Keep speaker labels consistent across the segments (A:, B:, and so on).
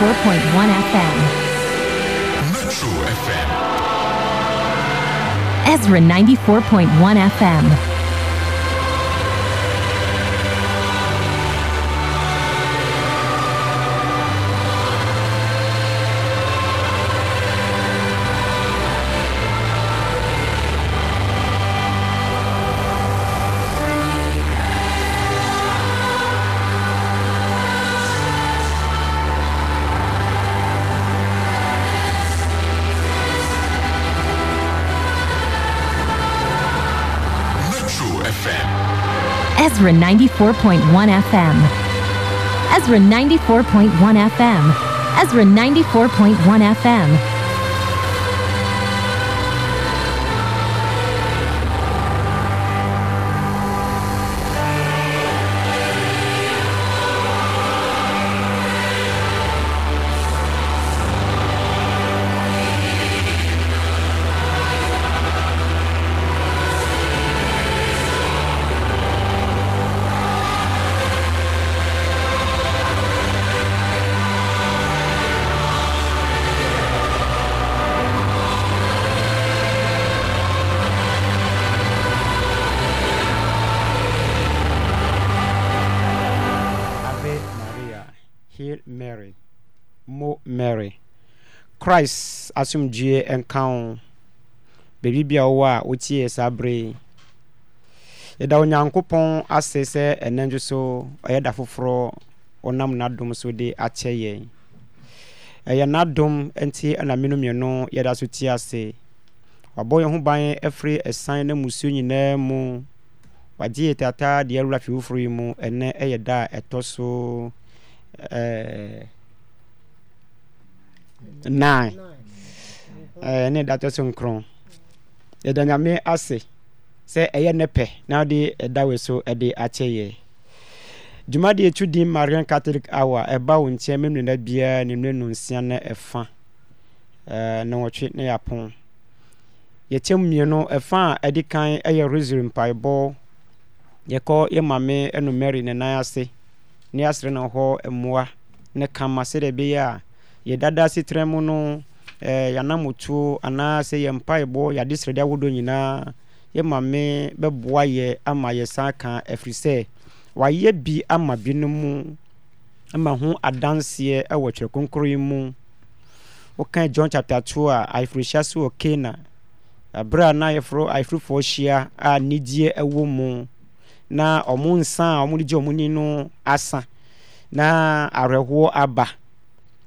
A: FM. Metro FM. Ezra 94.1 FM. Ezra 94.1 FM. Ezra 94.1 FM. Ezra 94.1 FM.
B: christ asomdue nka ho baabi bi a wowɔ a wotie saa bere yɛda onyankopɔn ase sɛ ɛnɛ nso so ɔyɛ da foforɔ ɔnam n'adom so de akyɛ yɛn ɛyɛ n'adom nti ɛna mmienu mmienu yɛda so ti ase wabɔ yɛn ho ban afiri ɛsan na musuo nyinaa mu wagye yɛ tata deɛ awura fi foforɔ yi mu ɛnɛ ɛyɛ da a ɛtɔ so ɛɛɛ. nine ɛɛ eh, ne da tɔ so nkron yɛda nyame ase sɛ ɛyɛ ne pɛ na ɔde ɛda wɔ so ɛde akyɛ yɛ dwuma de etu din marian catholic hour ɛba wɔn nkyɛn mu nnua biara ne nnua nsia na ɛfa ɛɛ na wɔtwe ne yapon yɛkyɛ mu mmienu ɛfa a ɛde kan ɛyɛ rosary mpaebɔ yɛkɔ yɛ maame ɛnu mary ne nan ase ne asere na hɔ mmoa ne kama sɛdeɛ ɛbɛyɛ a. yɛdada asetrɛ mu eh, no yɛanamotuo anaasɛ yɛ mpaebɔ yɛade srɛde ahodoɔ nyinaa yɛma me bɛboa yɛ ama ka ɛfiri sɛ wayɛ bi ama binom mu ama ho adanseɛ ɛwɔ twerɛ kronkro yi mu john chapter 2 a ayeforohyia so wɔ kana berɛ a na ayeforofoɔ hyia a nidie ɛwɔ mu na ɔmo nsa a ɔmo de gye ɔmo ni no asa na awerɛhoɔ aba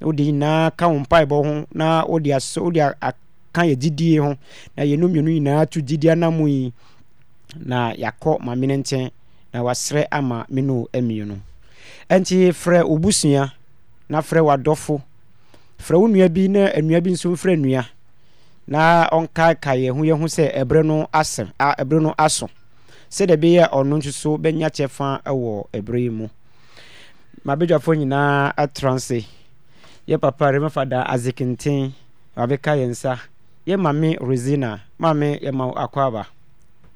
B: wode nyinaa ka wo mpaebɔ ho na wode aka yɛ gyidie ho na yɛno mmienu nyinaa to gyidie anamu yi na yɛakɔ ma nkyɛn na wasrɛ ama me no mmienu ɛnti frɛ obusua na frɛ wadɔfo frɛ wo nua bi na nnua bi nso frɛ nnua na ɔnkaeka yɛn ho yɛn ho sɛ ɛberɛ no asɛ a ɛberɛ no aso sɛdeɛ ɛbɛyɛ ɔno nso so bɛnya kyɛfa wɔ ɛberɛ yi mu mabadwafoɔ nyinaa atra nse yɛ papa remafada azikenten wabɛka yɛn nsa yɛ mame rosina mame yɛma akɔ aba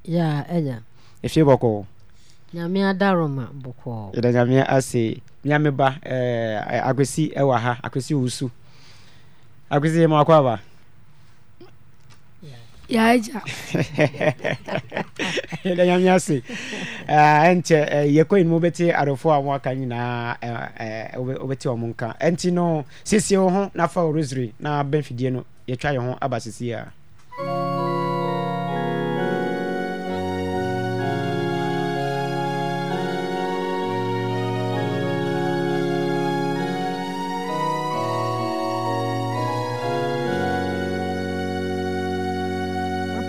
C: ya ɛnya
B: ɛfie bɔkɔɔ
C: nyame adaroma bɔkɔɔ
B: yɛda nyame ase nyame ba eh, akwasi ɛwɔ ha akwasi wusu akwasi yɛma akɔ aba yɛagya yɛda nyame ase eh, ɛnkyɛ eh, yɛkɔyi no mobɛte adɔfoɔ a aka nyinaa eh, wobɛte ɔ mo nka ɛnti no siesie wo ho na fa wo rosary na bɛmfidie no yɛtwa yɛ ya aba sesie a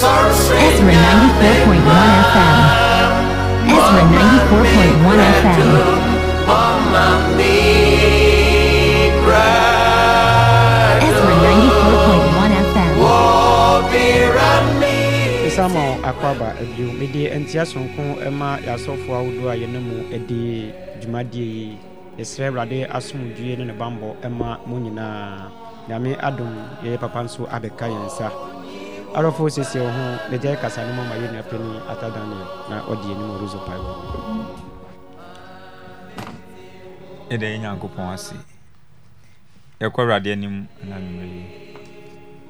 A: Ezra 94.1 FM.
D: Ezra 94.1 FM. Ezra 94.1 FM. Esamo akwaba edu
B: mede ntia sonko ɛma yɛasɔfoɔ ahodoɔ a yɛne mu ɛde dwumadie yi yɛsrɛ awurade asomdwie ne ne bammɔ ɛma mo nyinaa nyame adom yɛyɛ papa nso abɛka yɛn nsa arɔfo sese wo ho ne kasa no mama yɛnua pani atadane na ɔde anim ɔrozo pae wɔ
E: ɛdɛ yɛ nyankopɔn ase yɛkɔ awurade anim na mmerɛ yi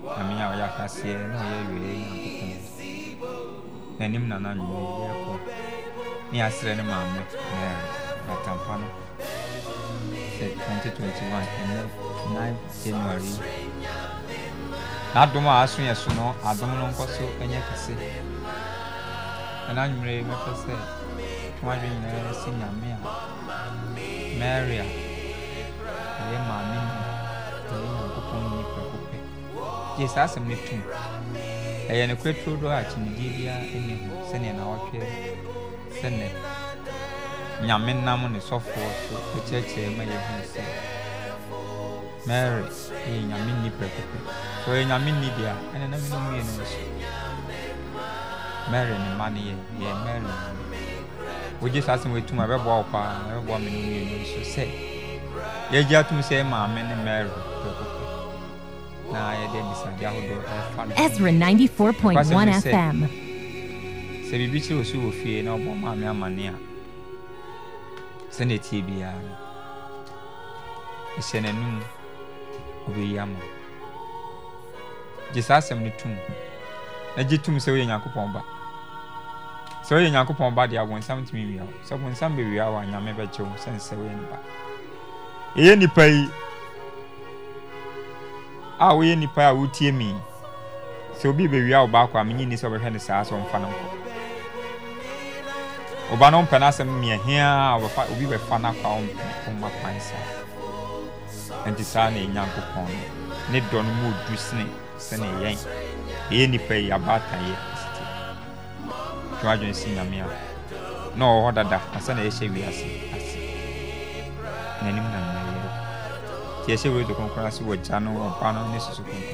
E: nyame a ɔyɛ akaseɛ na ɔyɛ awieɛ nyankopɔn n'anim na na nnwuma yɛkɔ ne yɛaserɛ ne maame na atampa no sɛ 2021 ɛnɛ 9 january n'adom a aso yɛ so no adom no nkɔ so nyɛ kɛse ɛna nwumere mɛfɛ sɛ tɔmadwe nyinaa si nyame a mary a ɛyɛ maame mu ɛyɛ nyankopɔn nnipa kopɛ gye saa asɛm no tum ɛyɛ no kora turo do a kyinidie biara ɛni ho sɛnea nawɔtwe sɛnɛ nyame nam ne sɔfoɔ so ɛkyerɛkyerɛ ma yɛhunu sɛ mary ɛyɛ nyame nni prɛkɛpɛ sɛ ɔyɛ nyame nni deɛ a ɛne na meno mmienu no so mary ne ma no yɛ yɛ mary wogye saa asɛm ɛtum a ɛbɛboa wo paa ɛbɛboa me no mmienu so sɛ yɛgye atom sɛ maame ne mary prɛkɛpɛ na yɛde abisadeɛ ahodoɔ ɛfa no Ezra 94.1 FM sɛ biribi kyerɛ ɔsu wɔ fie na ɔbɔ maame amane a sɛne ɛtie biara no ɛhyɛ n'anom kubeyiamu gye saa asɛm no tum na gye tum sɛ woyɛ nyankopɔn ba sɛ woyɛ nyankopɔn ba deɛ abonsam tumi wia wo sɛ bonsam bɛwia wo a nyame bɛkyɛ wo sɛne sɛ woyɛ ne ba
F: ɛyɛ nipa yi
E: a woyɛ nipa a wotie mi sɛ obi bɛwia wo baakɔ a menye ni sɛ wobɛhwɛ ne saa sɛ ɔmfa no nkɔ ɔba no mpɛ no asɛm miahia a obi bɛfa no akɔ a ɔmma kwan saa nti saa na ɛnyankopɔn no ne dɔ no mu odu sene sɛne yɛn ɛyɛ nnipa yi abaataeɛ asite dwoadwene si nyame a na ɔwɔ hɔ dada ansa na yɛhyɛ wiase ase n'anim na nnayɛ nti yɛhyɛ wurɛdo kronkron ase wɔ gya no ɔba no ne soso kronkron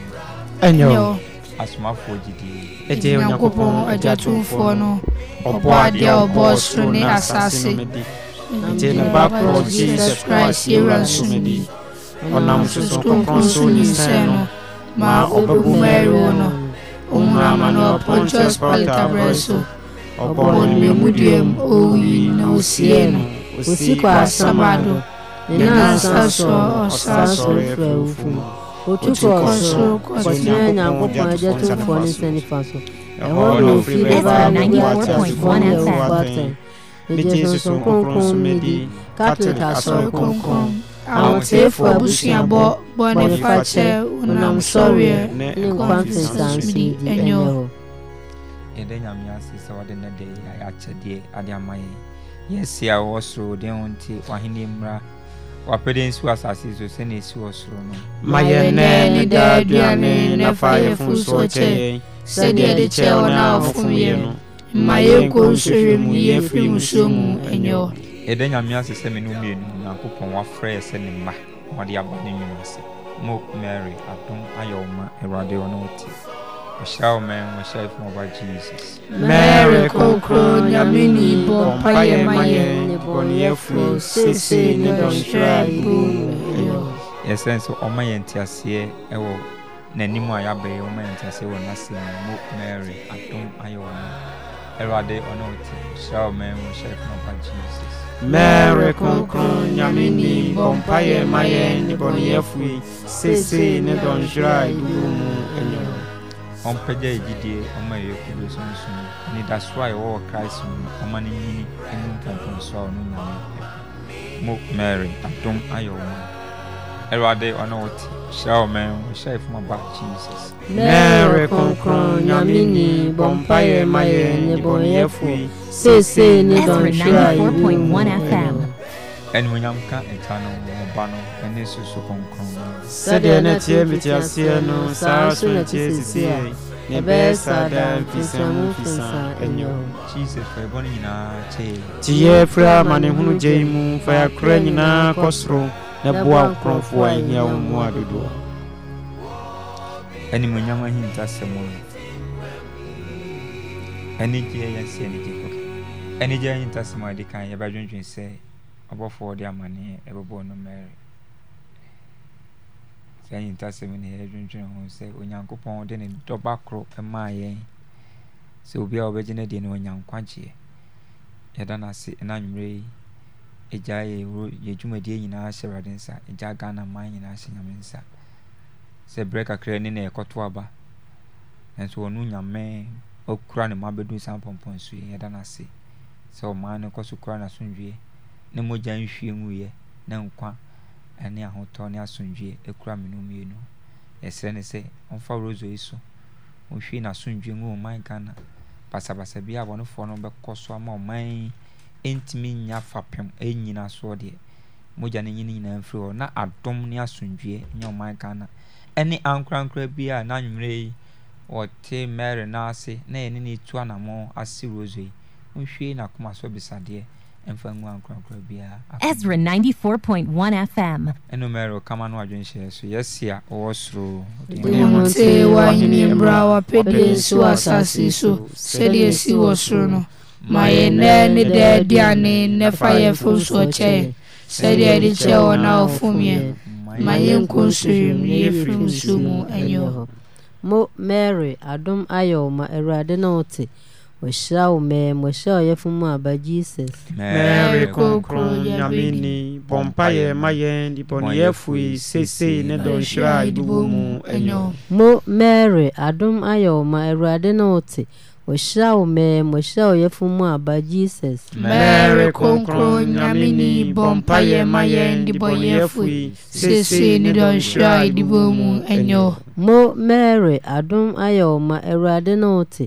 E: ɛnyɛ o asomafoɔ gyidie ɛgye
G: onyankopɔn agyatomfoɔ no ɔbɔ adeɛ a soro ne asase nti ne ba korɔ jesus christ yɛwura
B: nsomedi
G: ɔnsosokokrosoonimɛs nono
B: ma ɔbagum
G: ɛyoo no ɔmurama no ɔpɔ ncus paleataberɛ so ɔbɔɔ namu deɛm owu yi na osiɛ no osi kɔ asam ado
D: ne nennsaa so ɔsa sorfrɛ awufo mu otu kɔɔ sorokɔsɛ nyankopɔn agyɛtomfoɔ ne nsa nifa soɛhɔ neof dɛbaa nsɔn
C: awubɔatan ne gye nso nkonko ne i katetasɔ
G: kɔnkɔn ahotefoɔ busuabɔbɔne fakyɛ namsreɛ
D: ks i yɛ ɔ
E: ɛdɛ nyame ase sɛ de n daɛakyɛdeɛ ade mayɛ yɛasia wɔ soro den wo nti ahenne mmra wɔapɛdɛ nsi wɔ asase so sɛne si wɔ soro noɛɛfɛ sɛdeɛ dekyɛɛn fomyamu ma
G: yɛnkɔ nsoɛ m n yɛfirimuso mu nyɛ ɔ
E: yɛda nyame ase sɛ me no mmienu nyankopɔn wafrɛ yɛ sɛ ne mma wɔde aba ne nwuma ase moke mary adom ayɛ wo ma awurade ɔne wo te ɔhyɛ wo mɛn wɔhyɛ fo ɔba jesus mary kokro nyame ni bɔ mpayɛ ma yɛn bɔneyɛfoɔ seesei ne dɔnhwerɛ a ɛbu yɛsɛn sɛ ɔma yɛn nteaseɛ ɛwɔ n'anim a yɛabɛyɛ ɔma yɛn nteaseɛ wɔ n'ase mu moke mary adom ayɛ wo ma awurade ɔne wo te hyɛ wo mɛn wɔhyɛ fo ɔba jesus mɛɛrɛ kɔnkɔn nyame ni bɔmpayɛ ma yɛn nnebɔneyɛfo yi seesei ne dɔnhwerɛ a ɛdudu
D: mu anyɛ ɔmpagya
E: agyidie ɔma yɛ kudo sonsom ne dasoɔ a ɛwɔ wɔ christ mu ɔma no nyini ne mpɔmpɔnsoa ɔno nyame mo mary adom ayɛ wo ɛre
B: kɔnkrn nyamei bɔmpaemayɛ ne bɔnyɛfoi sesei ne
D: dɔnhweaɛunsɛdeɛ
E: ne ɛteɛ meteaseɛ no
B: saa ar tɛ ise ne bɛyɛsa daa fisaam fisa ti yɛa fira ma ne honu gyei mu fa yakora nyinaa kɔ soro na boa nkurɔfoɔ a ɛhia wo mu a
E: dodoɔ animonyam ahintasɛm no anigyeɛ yɛse anigye okay anigyeɛ ahintasɛm a ɛdi kan yɛbɛdwendwen sɛ ɔbɔfoɔ de amanneɛ ɛbɛbɔ no mary saa ahintasɛm no yɛdwendwen ho sɛ onyankopɔn de ne dɔba koro maa yɛn sɛ obi a wɔbɛgye no deɛ no ɔnyankwankyeɛ yɛda no ase ɛna anwummerɛ yi agya yɛ wuro yɛ dwumadie nyinaa hyɛ awurade nsa agya ghana man nyinaa hyɛ nyame nsa sɛ berɛ kakra ne na ɛkɔto aba nanso ɔno nyame ɔkura ne ma bɛduru saa mpɔmpɔn so yɛda no ase sɛ ɔman no kɔ so kura n'asomdwie ne mogya nhwie ne nkwa kura meno yi so ɔhwie ɔman ghana basabasa bi a abɔnefoɔ no bɛkɔ so ama ɔman ɛntumi nya fapem ɛnyina e soɔ deɛ mogya no nyine nyinaa mfiri hɔ na adom ne asomdwoeɛ nyɛ ɔman ghana ɛne ankorankora bi a n'anwummerɛ yi wɔte mary no ase na yɛne ne tu anammɔ ase roso yi nhwie n'akoma so bisadeɛ mfa ngu ankorankora biara Ezra
A: 94.1 FM
E: ɛno mary ɔkama no adwenhyɛɛ so yɛsi a ɔwɔ soro
A: mmra wapɛdeɛ wɔ asase so sɛdeɛ si wɔ soro no
G: ma yɛnnɛ ne daa aduane ne fa yɛfo so ɔkyɛ
D: sɛdeɛ ɛde kyɛ wɔn a ɔfomyɛ ma yɛnkɔ nsorim
C: ne yɛfiri nsuo mu ɛnyɛ hɔ mo mary adom ayɛ ma awurade na wote wɔhyira wo mɛɛ mmɔhyɛ ɔyɛfo mu aba jesus
B: mary kronkron nyameni bɔ ma yɛn dibɔneyɛfoi seesei ne dɔnhyira a ɛbɛwɔ mu ɛnyɛ
C: mo mary adom ayɛ ma awurade na wote wɔhyrɛw meɛm ɔhyrɛwo yɛfo mu aba jisus konkr
G: nan bɔmpayɛ ma yɛndbɔyɛf sese n dhadibo mu nyɛ o
C: mo mare adom ayɛ wɔ ma awurade ne wote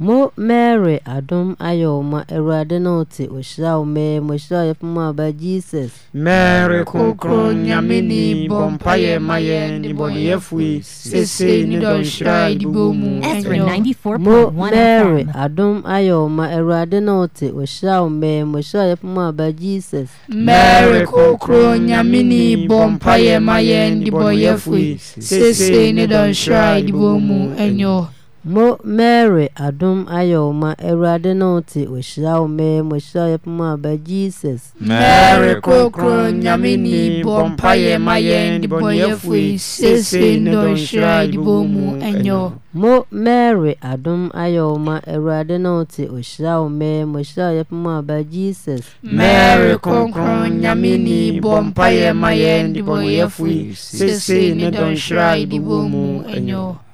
C: mo mramo mary adom ayɛɔ ma awurade no o te ɔhyraw me mɔhyrawyɛf mu aba
B: jisusrkokro nnyameni bɔ mpa yɛ ma yɛn debɔyɛfui sesei ne
C: dɔnhyerae dibo mu anyɔɔ ɛ mɔhyirawoyɛ pa mu aba jsmo mary adom ayɛwo ma awurade no o te ɔhyirawo meɛ mɔhyirawo yɛ pa mu aba jesus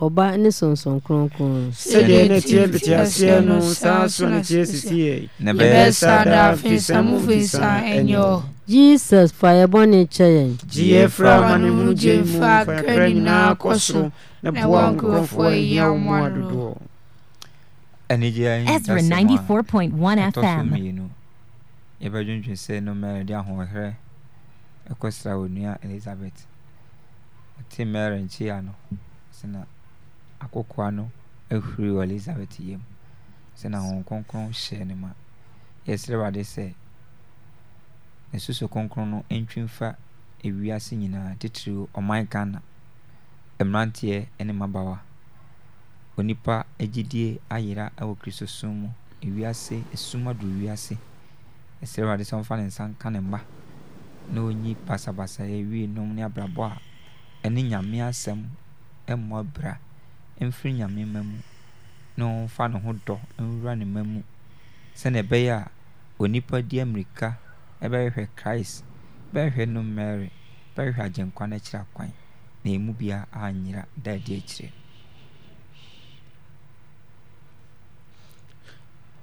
C: ɔba ne sonson krokron oɛɛ n tua bitiaseɛ nosaotisɛɛ faɛ
E: kan eisabet akokoaa no ahuri wɔ elizabeth yam sɛna honhom kronkron hyɛ no ma yɛsrɛ wade sɛ ne susu kronkron no ntwi mfa ewiase nyinaa titiriw ɔman ghana mmeranteɛ ne mmabawa onipa agyidie ayera wɔ kristo som mu ewiase esum aduru wiase ɛsrɛ wade sɛ ɔmfa ne nsa nka ne mma na onyi basabasa ewie nom ne abrabɔ a ɛne nyame asɛm mmɔ bra mfiri nyame mma mu na ɔmfa ne ho dɔ nwura ne mma mu sɛnea ɛbɛyɛ a onipa di mmirika ɛbɛhwehwɛ christ bɛhwɛ no mary bɛhwehwɛ agyenkwa no akyirɛ kwan na ɛmu bia anyera da adi akyirɛ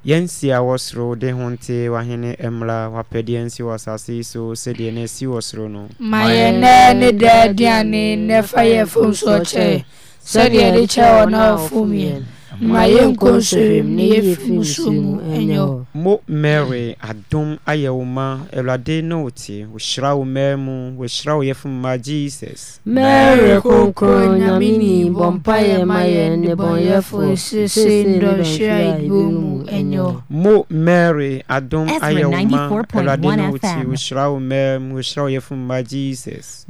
B: yɛnsi a wɔ soro de ho nte wahene mmra wapɛdeɛ nsi wɔ asase yi so sɛdeɛ na asi wɔ soro no ma
G: yɛnɛ ne daa aduane nɛfa yɛfo nsoɔkyɛe saniyadi cawa nafumia
D: ɛɛfmo
B: mery adom ayɛwo ma ɛlɔade no wo te wo hyera wo maamu wɔ hyera wo yɛ fo mma jesusmo mery adom ayɛwoma ɛlade o wo te wo hyera wo maam wɔ hyerao yɛfo mma jesus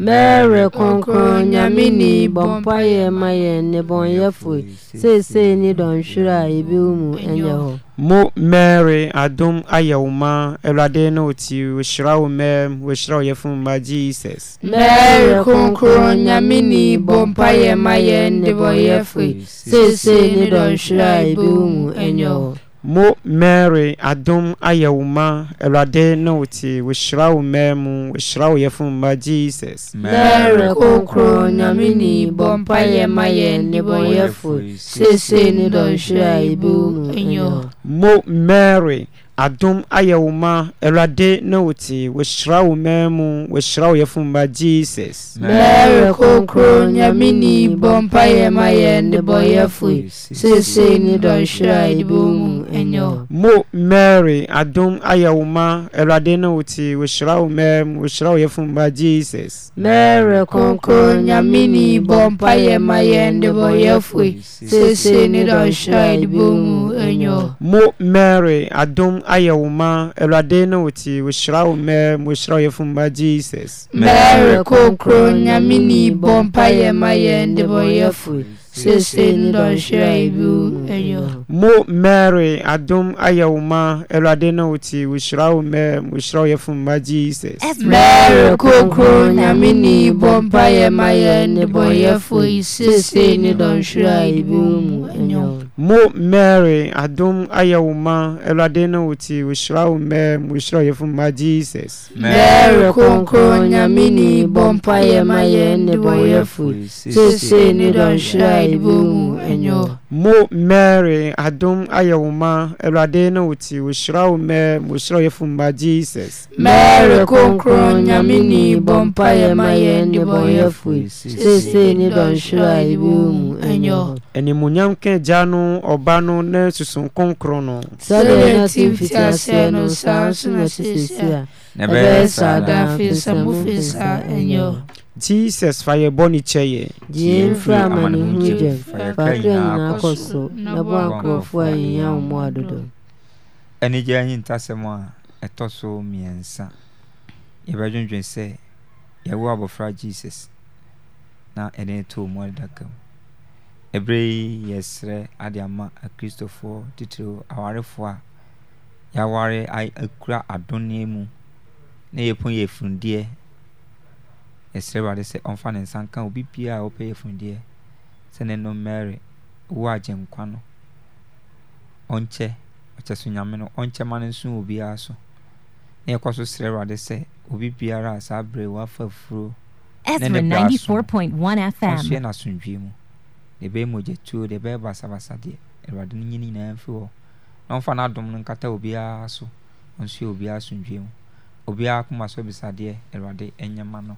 C: dɔnhwere a ebiwu mu nyɛ
B: mo mary adum ayɛ wo ma awurade ne wo ti wɔhyira wo mɛm wɔhyira wo jesus
G: mary kronkron nyameni bɔ mpayɛ ma yɛn de bɔyɛfoe seesei ne dɔnhwere a mu nyɛ mo mary
B: adom ayɛ wo ma auade ne wo te wɔ hyira wo mmɛ mu wɔ hyira wo yɛfo mmma jesusɛ
G: mɛɛ
B: adom ayɛwo ma ɛade ne wo te wɔhyerawo mamu wɔ hyerawo yɛ foma jssamn
G: ɛmyɛdemo
B: mery adom ayɛwo ma ɛluade no wo te wɔ hyerawo mmaa mu wɔhyerawo yɛ fomma jisusmɛd ayɛ wo ma aluade ne wɔ ti wo hyira wo mɛ maɔhyirawo yɛfo mma jesus mɛre
G: kokro nyameni bɔ mpa yɛ ma yɛ ndebɔ yɛ fo mo
B: mary adom ayɛ wo ma awurade ne wo te wɔhyira wo mɛ wɔhyira wo yɛfomma jesus
D: mary
G: kokro nyame ne bɔ mpayɛ ma yɛ nnebɔyɛfo yi seesei ne dɔnhwerɛ a ebi mu anyɛ
B: mo mary adom ayɛ wo ma awurade ne wo te wɔhyira wo mɛ wɔhyira wo yɛfomma jesus mary kokro
G: nyame ne bɔ mpayɛ ma yɛ nnebɔyɛfo yi seesei ne dɔnhwerɛ
B: mo mary adum ayẹwòma ẹwurade náà ti òṣìṣẹ́ wo mẹ mo ṣọ́ fún ba jesus. mary
G: kónkóró nyàmí ni
C: ìbọn mpáyẹ
D: níbọn yẹ ṣèṣe nídọ̀ nṣúra ìbú mu
B: ẹnìmọ̀nyàm kẹjà nu ní sísun kónkóró nù. sẹ́lẹ̀ náà ti
D: fi ti àṣẹ nu sáà sún náà ṣiṣẹ́ sí a. ẹ̀bẹ̀ sáà dáa fi sàmúfin
B: sáà ẹ̀yọ. Jesus fa yɛ bɔne kyɛ yɛ gyee mfiri amanehu gyam fa yɛ nyinaa
C: kɔ so na boa nkurɔfoɔ a yɛnya wo mu adodɔ
E: anigye ahintasɛm a ɛtɔ so mmiɛnsa yɛbɛdwendwen sɛ yɛwo abɔfra jesus na ɛne too mu adaka mu ɛberɛ yi yɛsrɛ ade ama akristofoɔ titiri awarefoɔ a yɛaware akura adonneɛ mu na yɛpo yɛ afundeɛ ɛsrɛ wade sɛ ɔmfa ne nsa nka obi biara a ɔpɛyɛ fundeɛ sɛ ne no mary wo agyenkwa no ɔnkyɛ ɔkyɛ so nyame no ɔnkyɛ ma no nso obiara so na yɛkɔ so srɛ wade sɛ obi biara a saa berɛ wafa furo ne n'asomdwie mu de ɛbɛyɛ mogyatuo de ɛbɛyɛ basabasa deɛ awurade no nyini nyinaa mfi hɔ na ɔmfa n'adom no nkata obiara so ɔnso yɛ obiara asomdwie mu obiara koma so abisadeɛ awurade ɛnyɛ no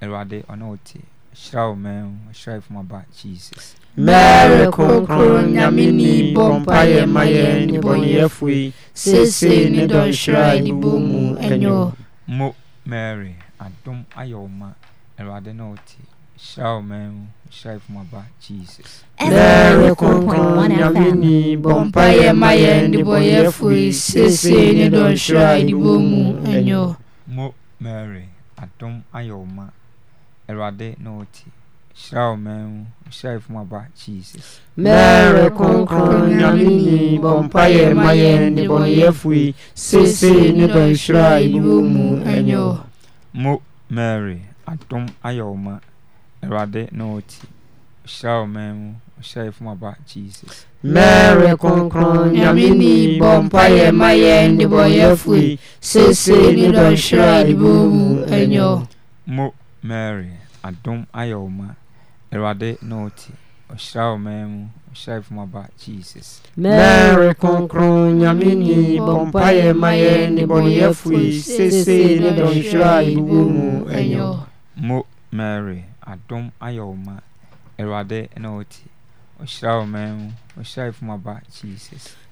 E: aruade ɔne wo te hyerɛw ma hyrafumu aba jesmo mɛry adom ayɔw ma auade no wo te hyerɛ ma hyrafumu aba jessmo mary adom ayɔw ma uadene ɔtihyraw mamu ɔhyrafmaba kisr roani payɛmayɛ nenyɛfui sei ne
G: pahraomu nɛ
E: mo mery aom ayɛ ma uade na ɔti hyraw mnmu ɔhyrafaba kyisr
G: krokraeni mpayɛ ma yɛn nebɔnyɛ fui sse ne pahrabomu yɛo
E: mary adom ayɛ wo ma awurade na wote ɔhyira wo man mu ɔhyira ifom aba jesus mary kronkron
C: nyame ni bɔmpayɛ ma yɛ
E: nnebɔneyɛfoi sesei ne dɔnhwerɛ a yɛwɔ mu ɛnyɛ mo mary adom ayɛ wo ma awurade na wote ɔhyira wo man mu ɔhyira ifom aba jesus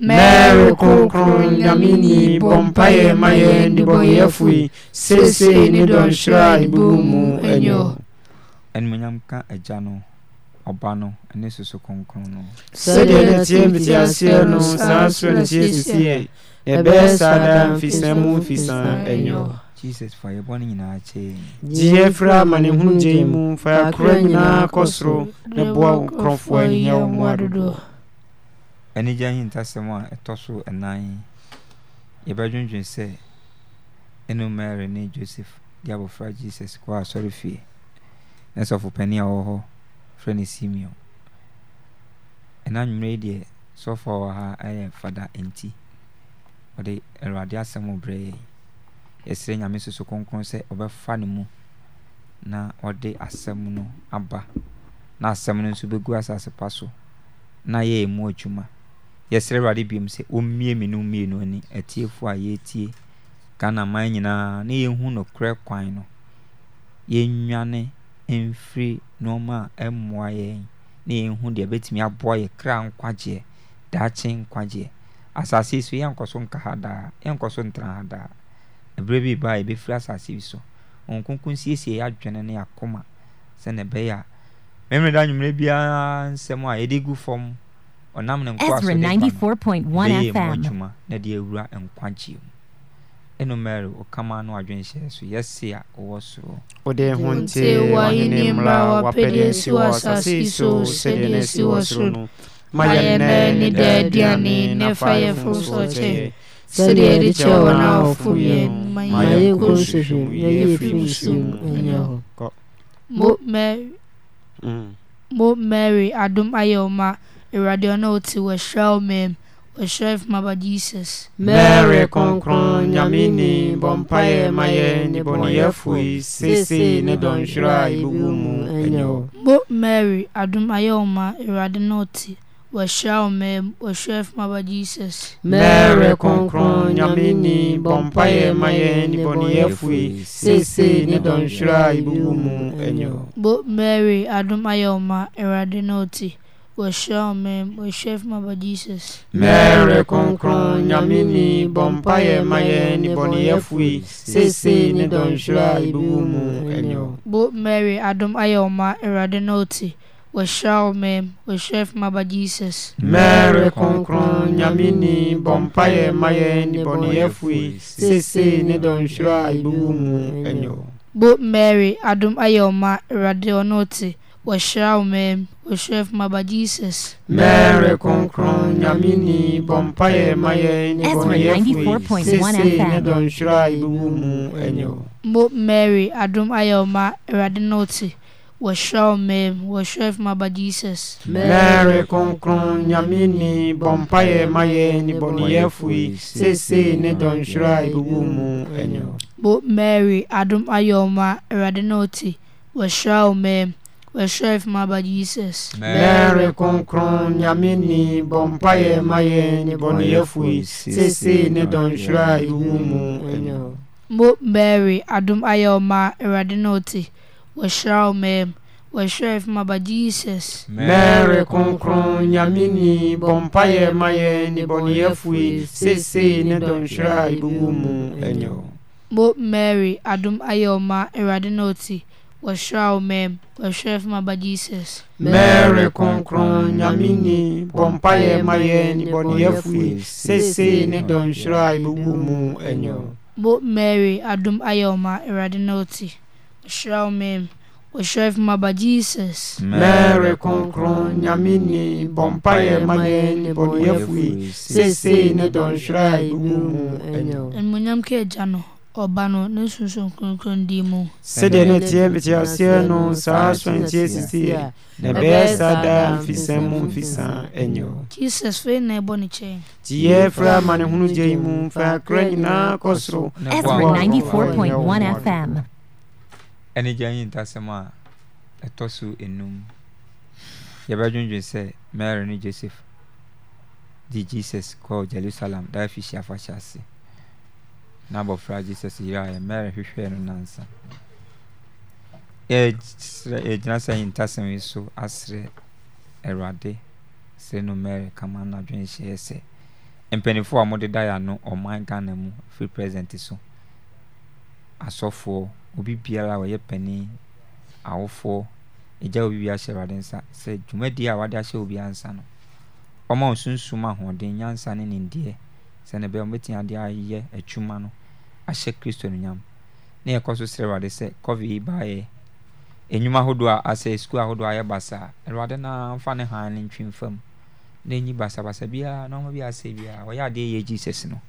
A: mare kronkron ndamenni bɔmpayɛ ma yɛ ndebɔnyɛfui
E: seesei ne dɔmhyerɛ n bo mu anhnnaa oa ne suso kron sɛdeɛ netiɛ fitiaseɛ no saa soro ntiɛsisiɛ ne ɛbɛyɛsa daa mfisaa mu mfiisaa anyɛɔ jesus fa yɛ bɔne nyinaa kyɛɛ gyeɛ firi amane hunu gye yi mu fa yɛakora nyinaa kɔ soro
G: ne boa wo nkurɔfoɔ anyia wo mu adodoɔ
E: anigya hintasɛm a ɛtɔ so ɛnan yɛbɛdwendwen sɛ ɛno mary ne joseph de abɔfra jesus kɔɔ asɔre fie na sɔfopani a wɔwɔ hɔ frɛ no simeon ɛna nwummerɛ yi deɛ sɔfo a wɔ ha ɛyɛ e fada nti ɔde awurade e asɛm brɛ yɛi yɛsrɛ nyame soso kronkron sɛ ɔbɛfa ne mu na ɔde asɛm no aba na asɛm no nso bɛgu asase pa so na yɛyɛ mu adwuma yɛsrɛ awurade biom sɛ ɔmmie me no mmienu ani atiefoɔ a yɛtie ghana man nyinaa na yɛhu nokorɛ kwan no yɛnwane mfiri nneɔma a ɛmmoa yɛn na yɛhu deɛ ɛbɛtumi aboa yɛ kra nkwagyeɛ daakye nkwagyeɛ asase so yɛnkɔ so nka ha daa yɛnkɔ so ntena ha daa ɛberɛ bi ba a asase bi so ɔn kronkron siesie yɛadwene ne akoma sɛne ɛbɛyɛ a memere da nwummerɛ biara nsɛm a yɛde gu fam ɔnam ne nkwa so bɛyɛ mu adwuma na de awura nkwagyee mu ɛno mary ɔkama no adwenhyɛ so yɛse a ɔwɔ soro
G: wode ho nte wɔhene mmra wapɛdeɛ si wɔ asase so sɛdeɛ na si soro no ma yɛnnɛ ne daa aduane na fa yɛforo so ɔkyɛ sɛdeɛ yɛde kyɛ wɔn a wɔfo yɛn ma yɛnkɔ
B: nsuhwem yɛyɛ ɛfiri nsuom ɛnyɛ hɔ
G: mo mary adom ayɛ wo ma awurade ɔne wo te wɔahyira wo mam wɔahyira fima ba jesus mary
B: kronkron nyame ni bɔ mpaeɛ ma yɛ ne bɔneyɛfo yi seesei ne dɔnhwerɛ a yɛbɛwu mu ɛnyɛ e hɔ
G: mo mary adom ayɛ wo ma awurade e ne wo mɛre
B: kronkro nyamenni bɔ mpa yɛ ma yɛn nnipɔninyɛ afui sesei ne dɔnhwerɛa yibugu mu anyɛ
G: hɔmɛɛre
B: kronkro nyamenni bɔ mpa yɛ ma yɛn nnipɔneyɛ fui sesei ne dɔnhwerɛa ibugu mu anyɛ
G: hɔbo mary adom ayɛwɔ ma awurade no ɔti mr
B: kronkr nameni bɔmpa yɛ ma yɛn nnibɔneya afui sesei ne dɔnhwerɛa biu mu anyɛɔaɔrbamr kronkro nyameni bɔmpa yɛ ma yɛn nneɔnyaisei ne dɔnhwerɛa
G: b mu ayam ayɛɔma wurade no ɔte mr
B: kronkro nyame nnii bɔmpa yɛ mma yɛn nibɔneyɛ fui sesei ne dɔnhwerɛa wu mu anr
G: mɛɛre
B: kronkron nyame nnii bɔ mpa yɛ mma yɛ nebɔneya fui sesei ne dɔnhwerɛa wu mu
G: mry adom ayɛɔ maa aurade ne ti wɔhyira wo mɛm wɔhyira ɛfima ba jesus mɛre
B: kronkron nyameni bɔ mpayɛ ma yɛ nnebɔneyɛfoe seesei ne dɔnhwerɛ a ɛbɛwu mu ɛnyɛ wo
G: mo mary adom ayɛ ɔma awurade na ɔte wɔhyira wo mɛm wɔhyira ɛfima ba jesus
B: mɛre kronkron nyameni bɔ mpayɛ ma yɛ nnebɔneyɛfoe seesei ne dɔnhwerɛ a ɛbɛwu mu ɛnyɛ wo
G: mo mary adom ayɛ ɔma awurade na ɔte
B: mary kronkron nyame nni bɔ mpayɛ ma nɛ ne bɔneafui sesei
C: ne dɔnhwerɛa
B: du mu
G: mu sɛdeɛ
C: ne ɛteɛ metiaseɛ no saa soanti sisiɛ
B: ne bɛɛ saa daa mfisam mu mfisaa anyɛ
G: ogiyɛ
B: fra ma ne honu gya yi mu faakora nyinaa kɔsoro
E: ɛne gya yi ntasɛm a ɛtɔ so enum yɛbɛdwendwen sɛ mary ne joseph di jesus kɔɔ jerusalem da afihyi afahyɛ ase na abɔfra jesus yerɛayɛ mary hwehwɛɛ no nansa yɛgyina sɛ ntasɛm yi so aserɛ awurade sɛ no mary kama no adwenhyeɛ sɛ mpanimfoɔ a mode da yɛ ano ɔman ghana mu free present so asɔfoɔ obi biara a ɔyɛ panin awofoɔ ɛgya obi bi ahyɛ awurade nsa sɛ dwumadie a wade ahyɛ obi ansa no ɔma ɔsunsum ahoɔden nyansa ne nindeɛ sɛ ne bɛyɛ ɔmɛtumi adeɛ ayɛ atwuma no ahyɛ kristo nyam, ne yɛkɔ so srɛ awurade sɛ covid yi baayɛ enyuma ahodoɔ a asɛ sukuu ahodoɔ ayɛ basa awurade e na mfa ne han ne ntwi fam na enyi basabasa biara na ɔmo bi asɛ biara ɔyɛ adeɛ yɛ jesus no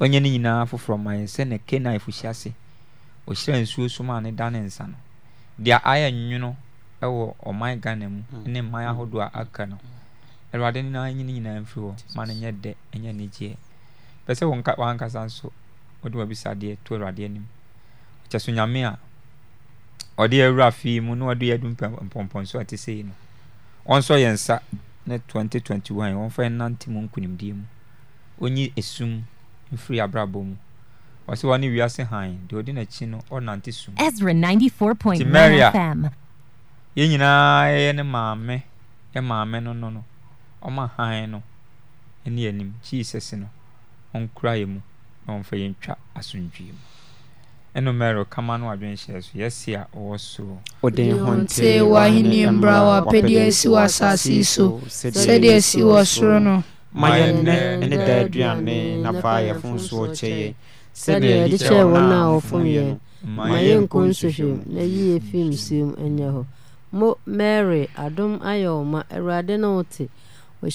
E: ɔnyɛ ne nyinaa foforɔ ma yɛ sɛ ne kenai fo hyɛ ase ɔhyira nsuo so ma ne da ne nsa no deɛ ayɛ nwono wɔ ɔman ghana mu mm. ne mman mm. ahodoɔ a aka no mm. awurade no naa nyini nyinaa mfiri hɔ ma no nyɛ dɛ ɛnyɛ nigyeɛ pɛ sɛ wankasa nso wode wabisadeɛ to awurade anim kyɛ so nyame a ɔde awura fii mu na ɔde yɛdu mpɔmpɔnso a ɛte sei no ɔnsɔ yɛn nsa ne 2021 wɔmfa yɛn nante mu nkonimdie mu ɔnyi esum mfiri abrabɔ mu ɔsɛ wa ne wiase han deɛ ɔde n'akyi no ɔnante sum Ezra 94.9 FM yɛn nyinaa ɛyɛ ne maame ɛ maame no no no ɔma han no ɛne anim jesus no ɔnkura yɛ mu na ɔmfa yɛn twa asomdwee mu ɛno mɛro kama no adwenhyɛ so yɛse a ɔwɔ soro ɔden ho nte wahene
G: mmra
B: wapɛdeɛ asi
D: wɔ asase yi so sɛdeɛ asi wɔ soro no
G: ma yɛnnɛ ne daa
B: aduane na faa yɛfo nsoɔ kyɛ sɛdeɛ ɛde kyɛe wɔ no a wɔfomyɛn ma yɛnkro nsɛ
C: hwɛm na yie film sie m nyɛ hɔ mo mary adom ayɛ wo ma awurade ne wote mo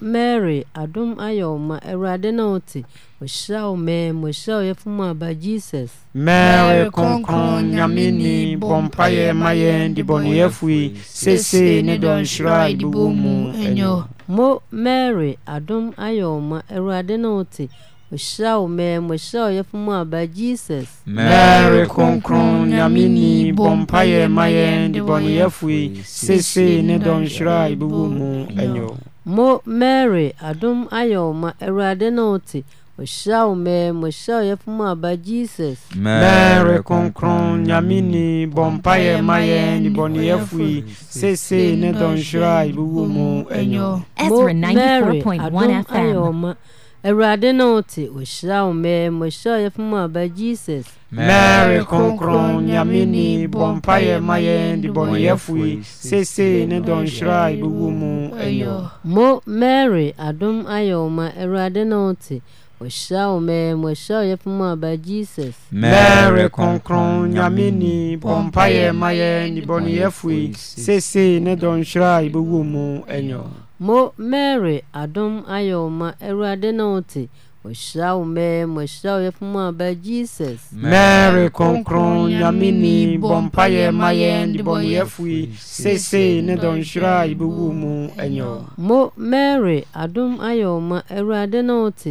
C: mary adom ayɛo ma awurade ne wo te ɔhyeraw mam ohyirawoyɛfo mu aba jesusmo mary adom
B: ayɛo ma
G: awurade
C: ne wo te mmr
B: kronkro nyamenni bɔmpa yɛ ma yɛn nibɔneyɛfui sesei ne dɔnhwerɛbw mu r adom
C: ayɛɔma urade n ote ɔhyɛw m
B: r kronr namenni bɔmpa yɛ ma yɛn nnebɔneyɛfi sesei ne dɔnhwerɛb mu r koramni ɔmpayɛ ma yɛn nibɔnɛfui sesei ne dɔnhwerɛbɛmmo mary adom
C: ayɛwɔ ma awurade ne ote ɔhyirɛwɔ mɛ mɔ hyɛyɛfa mu aba jisusmr
B: kror nyameni bɔmpayɛ ma
C: yɛ nnibɔneyɛfui
B: sesei ne dɔnhwerɛ bɛwo mu anyo
C: mo mr mhyrawo yɛfmu aba jss
B: mary kronkron
G: nyameni bɔ mpayɛ ma yɛ
B: debɔnyɛ fuyi seisei ne dɔnhwerɛa yɛbɛwu mu anyɛ wɔmo mɛry adom ayɛw
C: ma aurade ne o te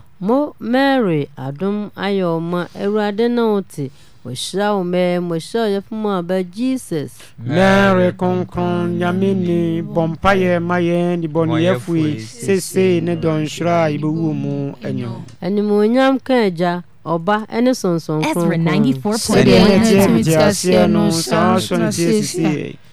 B: Mo Mary adom ayɛ wo ma
C: Awurade ne wo te wɔhyira wo mɛɛ mɔhyira ɔyɛfo mu aba jesus
B: mɛre kronkron nyame ni bɔ mpayɛ ma yɛn debɔneyɛfo yi seesei ne dɔnhwera a yɛbɛwu mu anyɛ
C: animuonyam ka
B: agya ɔba
C: ne sonson kronkron sɛdeɛ ne teɛ nteaseɛ no saa so no teɛ sisieɛ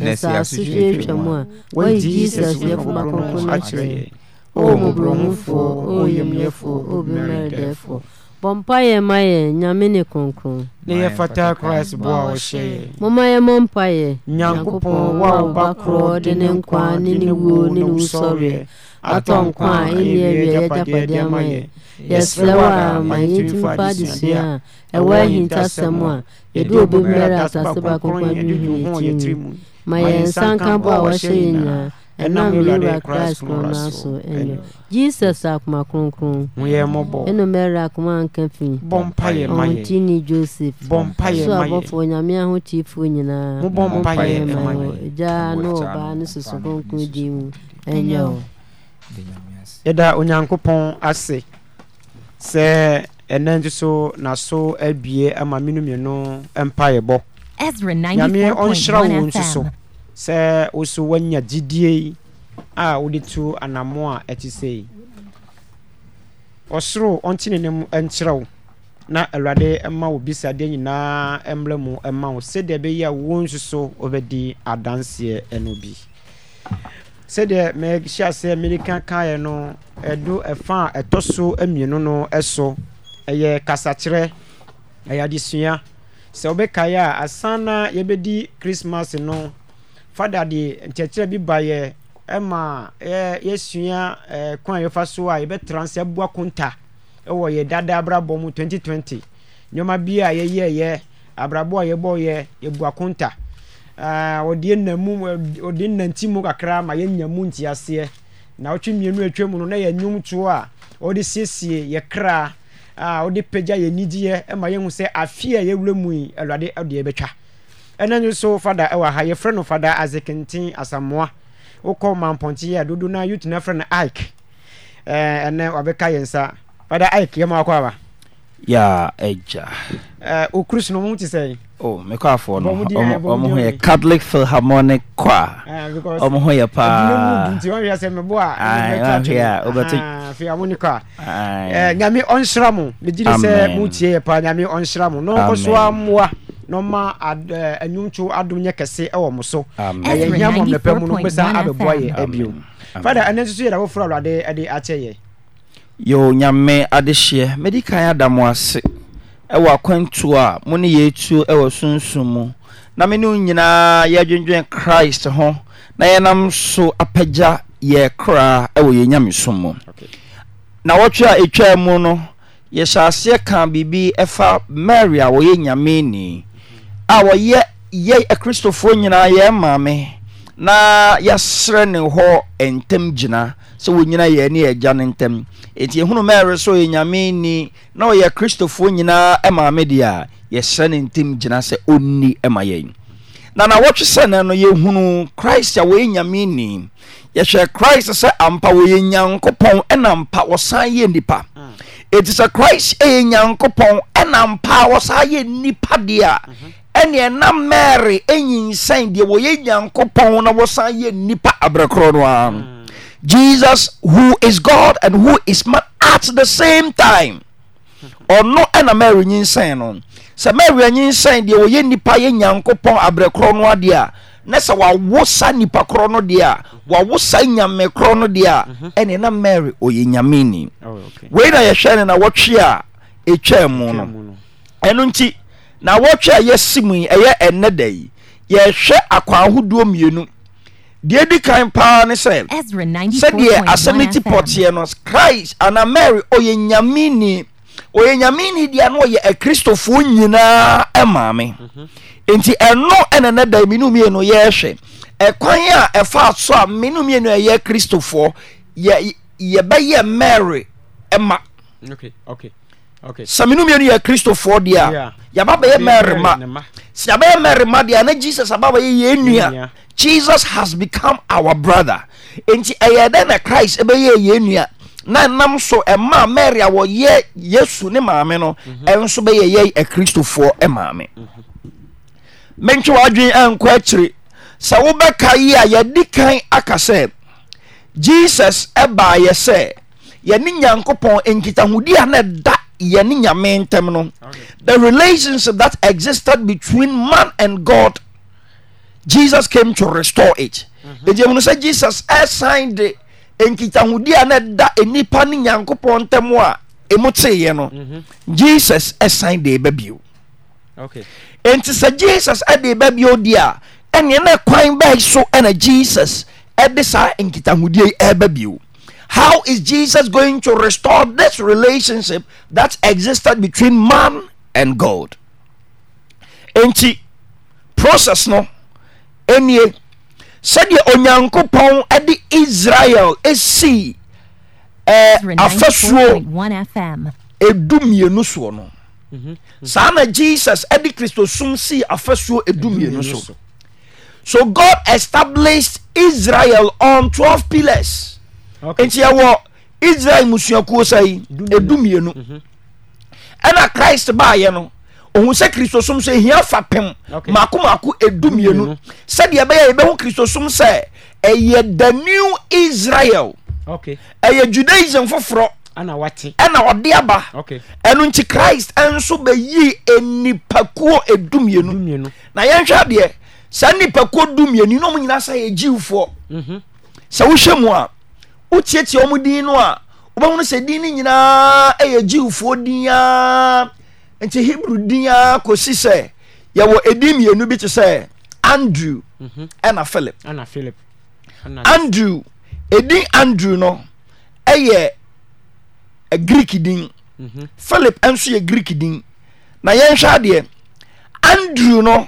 C: asaase we hwa mu a ɛ jisus yɛfo makrkɔ no yerɛɛɔmbrɔhfoɔ ymfɔ bfɔ bɔ mpayɛ ma yɛ nyamene kronkro moma yɛ mɔmpayɛawobaakrɔ de ne nkwa ne newuo ne ne sɔreɛ atɔnka ɛnawi yɛgyapadeɛ amayɛ yɛsɛ a ma yɛtumi pa desee a ɛwɔ ahinasɛ m a yɛde obɛmare asase bakoka ib huɛni ma yɛn nsa nka bɔ a wɔhyɛ nyinaa ɛnam wura christ korɔna so ɛnyɛ jesus akoma kronkron ɛno mɛra akoma anka fi ɔntini joseph so abɔfoɔ nyame ahotiifoɔ nyinaa mompayɛ ma wɔ agyaa ne ɔbaa ne soso kronkron din mu
B: ɛnyɛ o yɛda onyankopɔn ase sɛ ɛnɛ nso so naso abie ama meno mmienu mpayɛbɔ
A: Ezra 94.1 FM
B: sɛ woso wanya gyidie a wode tu anamo a ɛte sei ɔsoro ɔnte ne nem nkyerɛ wo na awurade ma wo bisadeɛ nyinaa mmrɛ mu ma wo sɛdeɛ ɛbɛyi a wo nso so wobɛdi adanseɛ ɛno bi sɛdeɛ mehyɛ aseɛ mereka kaeɛ no ɛdo ɛfa a ɛtɔ so mmienu no ɛso ɛyɛ kasakyerɛ ɛyɛ adesua sɛ wobɛkaeɛ a asan na yɛbɛdi christmas no fada deɛ nkyerɛkyerɛ bi baeɛ ɛma yɛsua eh, kwan a yɛfa so a yɛbɛtra nsɛ aboa konta ɛwɔ yɛ dada abrabɔ mu 2020 nneɔma bi a yɛyɛɛyɛ abrabɔ a yɛbɔɔyɛ yɛbua konta ɔde uh, nnanti mu kakra ma yɛnya mu ntiaseɛ na wotwe mmienu atwa mu no na yɛnwom toɔ a ɔde siesie yɛ a wɔde pagya yɛn nidieɛ ɛma yɛn ho sɛ afie a yɛwura mu yi awurade ɛde ɛbɛtwa ɛna nso fada ɛwɔ ha yɛfrɛ no fada azekenten asamoa wokɔ mampɔnte yɛ a dodo na youth na frɛ no ike ɛɛ ɛnɛ wabɛka yɛn nsa fada ike yɛma wakɔ aba.
H: yaa ɛgya.
B: ɛɛ okuru sunu mu ti sɛ.
H: mekɔ afoɔ n ɔm yɛ catolic hilharmoni cɔmyɛsmmoa
B: nma nwutwo adomnyɛ kɛse wɔ
H: m soyɛhamɔmɛpɛ u noɛsbɛboa y bɛfɔ ɛyɛ nyame adehyeɛ mɛdi kane ada mo ase ɛwɔ akwantuo a mo ne yɛtu ɛwɔ sunsun mu na me ne wo nyinaa yɛadwendwen christ ho na yɛnam so apagya yɛ koraa ɛwɔ yɛn nyamesom mu na wɔtwe a ɛtwaa mu no yɛhyɛ aseɛ ka biribi ɛfa mary a wɔyɛ nyame ni a wɔyɛ yɛ akristofoɔ nyinaa yɛ maame na yɛserɛ ne hɔ ntam gyina sɛ wɔnyina yɛani yɛgya no ntam ɛntiyɛhunuma sɛ ɔyɛ nyameni na ɔyɛ khristofoɔ nyinaa mame deɛ a yɛsrɛ no ntam gyina sɛ ɔnni ma yɛ nanawɔtwesɛne no yɛhunu chris a wɔyɛ nyameni yɛhwɛ chris sɛ ampayɛ yankɔnasa y mm. tsɛ cisɛyɔnasay npa deɛa mhm. ɛneɛ na mary yinsane deɛ wɔyɛ nyankopɔn naɔsan yɛ nipa abrɛkrɔ no ar jesus who is god an who is ma at the same time ɔno na mary nyinsan no sɛ marya nyinsane deɛ wɔyɛ nnipay nyankopɔn abrɛkrɔ no adeɛ a na sɛ wawo sa nnipakrɔ no deɛ aawo sa nyame krɔ no deɛ a ɛn namary ɔyɛnyameni ina yɛhwɛ ne na wɔte a twa mu no na wɔtwe a yɛsi mu yi ɛyɛ ɛnɛ da yi yɛhwɛ akwa ahodoɔ mmienu deɛ di kan paa ne sɛ
A: sɛdeɛ asɛm ti
H: pɔteɛ no christ ana mary ɔyɛ nyamini ɔyɛ nyamini deɛ no ɔyɛ akristofoɔ nyinaa ɛmaame nti ɛno ɛna ne da yi mmienu mmienu yɛrehwɛ ɛkwan a ɛfa so a mmienu mmienu ɛyɛ akristofoɔ yɛ yɛbɛyɛ mary ɛma.
B: Okay, okay.
H: sɛ menoieno yɛ akhristofoɔ deɛ a yɛbabyɛmɛremaybɛyɛmɛremadeɛ na jesus ababyɛyn a jesus has becom ou brother nti ɛyɛ dɛn na christ bɛyɛɛ yɛnu a na nam so ma mɛrea wɔyɛ yesu ne maame no mhm. nsobɛyɛyɛ akristofoɔ mame mhm. mentwewadwen nk akyir sɛ wobɛka yi a yɛde kan aka sɛ jesus bayɛ sɛ yɛne nyankopɔn nkitahodiia noda yɛne the relationship that existed between man and god jesus came to restore it ɛgye mu say sɛ jesus ɛsan de nkitahudi a na ɛda nnipa ne nyankopɔn ntɛm a ɛmu teeɛ no mhm. jesus ɛsan de ɛba bio enti jesus ɛde ɛba bio di a ɛneɛ na ɛkwan bɛɛ so ɛna jesus ɛde saa nkitahudi a bio how is Jesus going to restore this relationship that existed between man and God? he process no enie sɛdeɛ onyankopɔn the Israel esi ɛɛ eh, afasuo edu mmienu soɔ no. Mhm. saa na jesus ɛde kristosum sii afasuo no so so god established israel on twelve pillars nti ɛwɔ israel musuakuo sa yi edu mmienu mhm. ɛna christ baayɛ no ohun sɛ kristosom sɛ ehia fa pɛm mako mako edu mmienu sɛdeɛ ɛbɛyɛ yɛbɛho kristosom sɛ ɛyɛ the new israel
D: ɛyɛ
H: judaism foforɔ ɛna wate ɛna ɔde aba ɛnu nti christ ɛnso bɛyi enipakuo edu mmienu na yɛnhwɛ adeɛ saa nipakuo du mmienu na wɔn nyinaa mhm. sɛ yɛ jiwfoɔ sɛ wohyɛ mu a wotiatia wɔn din no a wobɛhu no sɛ din no nyinaa ɛyɛ jiwfoɔ din a nti hebrew din a kɔsi sɛ yɛwɔ ɛdin mmienu bi te sɛ andrew mhm. ɛna philip andrew edin andrew no ɛyɛ greek din mhm. philip nso yɛ greek din na yɛnhwɛ adeɛ andrew no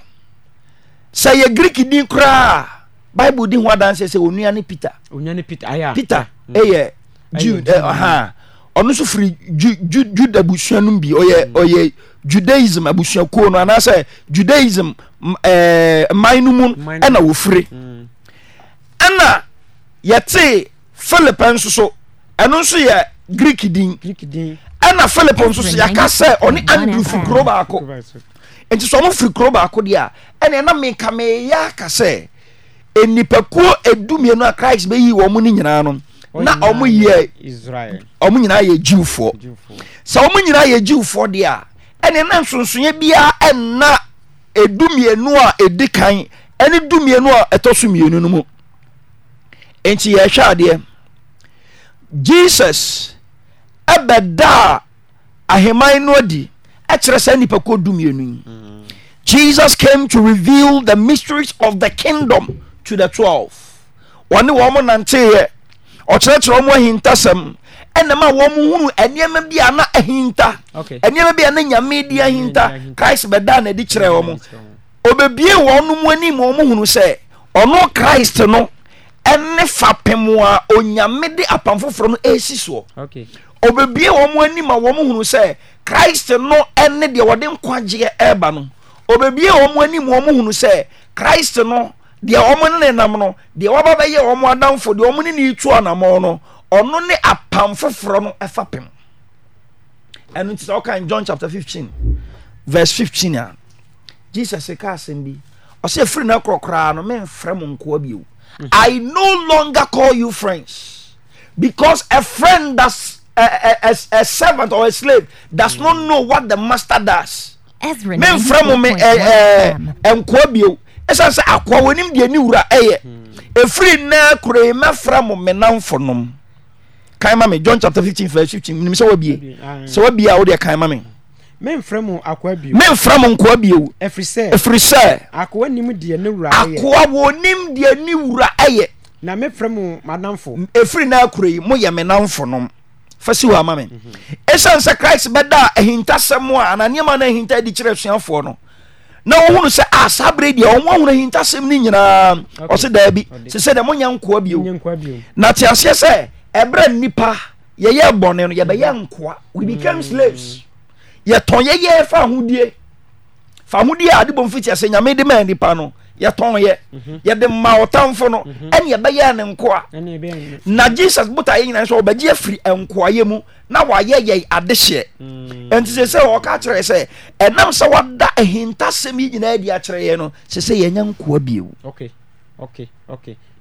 H: sɛ yɛ greek din koraa bible di ho adanseɛ sɛ onua ne peter peter ɛyɛ mm. jude eh, ɛha ɔno nso firi jude mm. abusua no bi ɔyɛ ɔyɛ judaism abusuakuo no anaasɛ judaism ɛɛ eh, man no mu ɛna wofiri mm. ɛna yɛte philip nso so ɛno nso yɛ greek din ɛna philip nso so yɛaka sɛ ɔne andrew firi kuro baako nti sɛ ɔmo firi kuro baako deɛ a ɛna ɛna meka meyɛ aka sɛ edu mmienu a christ bɛyi wɔn mu ne nyinaa no. na ɔmo yɛ ɔmo nyinaa yɛ jiwfoɔ sɛ ɔmo nyinaa yɛ jiwfoɔ deɛ ɛne na nsonsonya biara ɛnna edu mmienu a edi kan ɛne du mmienu a ɛtɔ so mmienu no mu nti yɛhwɛ adeɛ jesus ɛbɛda a aheman no adi ɛkyerɛ sɛ nipakuo du mmienu yi mm. jesus came to reveal the mysteries of the kingdom to the twelve wɔne wɔn nanteeɛ ɔkyerɛkyerɛ wɔn ahintasɛm ɛnna ma wɔn hunu nneɛma bi a na ahinta nneɛma bi a na nyame di ahinta christ bɛda na ɛde kyerɛ wɔn obebie wɔn mu anim wɔn hunu sɛ ɔno christ no ɛne fapem a onyame de apam foforɔ no esi soɔ obebie wɔn anim a wɔn hunu sɛ christ no ɛne deɛ wɔde nkwagyeɛ ɛɛba no obebie wɔn anim wɔn hunu sɛ christ no deɛ wɔn nenam no deɛ wɔaba bɛyɛ wɔn adamfo deɛ wɔn ne ne tu anamɔ no ɔno ne apam foforɔ no ɛfa pem ɛno nti sɛ ɔka in john chapter fifteen verse fifteen a jesus ka asɛm bi ɔsɛ efiri na korɔ koraa no mɛnfrɛ mo nkoa bio i no longer call you friends because a friend does a, a, a, a servant or a slave does mm. not know what the master does
A: mɛnfrɛ mo me ɛɛ ɛɛ eh,
H: eh, nkoa bio. ɛsiae sɛ akoa wɔnim deɛ ne wura yɛ hmm. ɛfiri na akur i mɛfrɛ mo menamfonom55memfrɛ
B: m nkoa bi ɛfiri sɛakoawɔnim
H: deɛne wura yɛfiri nkri moyɛ menamfonofsi ɛsiane mhm. sɛ christ bɛda a ahinta sɛm a anannoɔma no ahinta adi kyerɛ asuafoɔ no na wohunu sɛ a ah, saa berɛ deɛ ɔmo ahunu ahintasɛm no nyinaa ɔse daabi sɛ sɛ deɛ monyɛ nkoa bio na te aseɛ sɛ ɛberɛ nnipa yɛyɛ bɔne no yɛbɛyɛ nkoa we mm. became slaves yɛtɔn yɛyɛ fa ahodie fa ahodie a ade bɔ mfitiɛ sɛ nyame de maa nnipa no yɛtɔn yɛ mhm. yɛde ma ɔtamfo no mhm. ɛne yɛbɛyɛ ne nkoa na jesus bota yɛ nyinaa sɛ ɔbɛgye afiri nkoayɛ mu na wayɛ yɛ adehyeɛ ɛnti mm. sɛ sɛ ɔka kyerɛ sɛ ɛnam sɛ wada ahintasɛm yi nyinaa adi akyerɛ yɛ no sɛ sɛ yɛnyɛ nkoa bio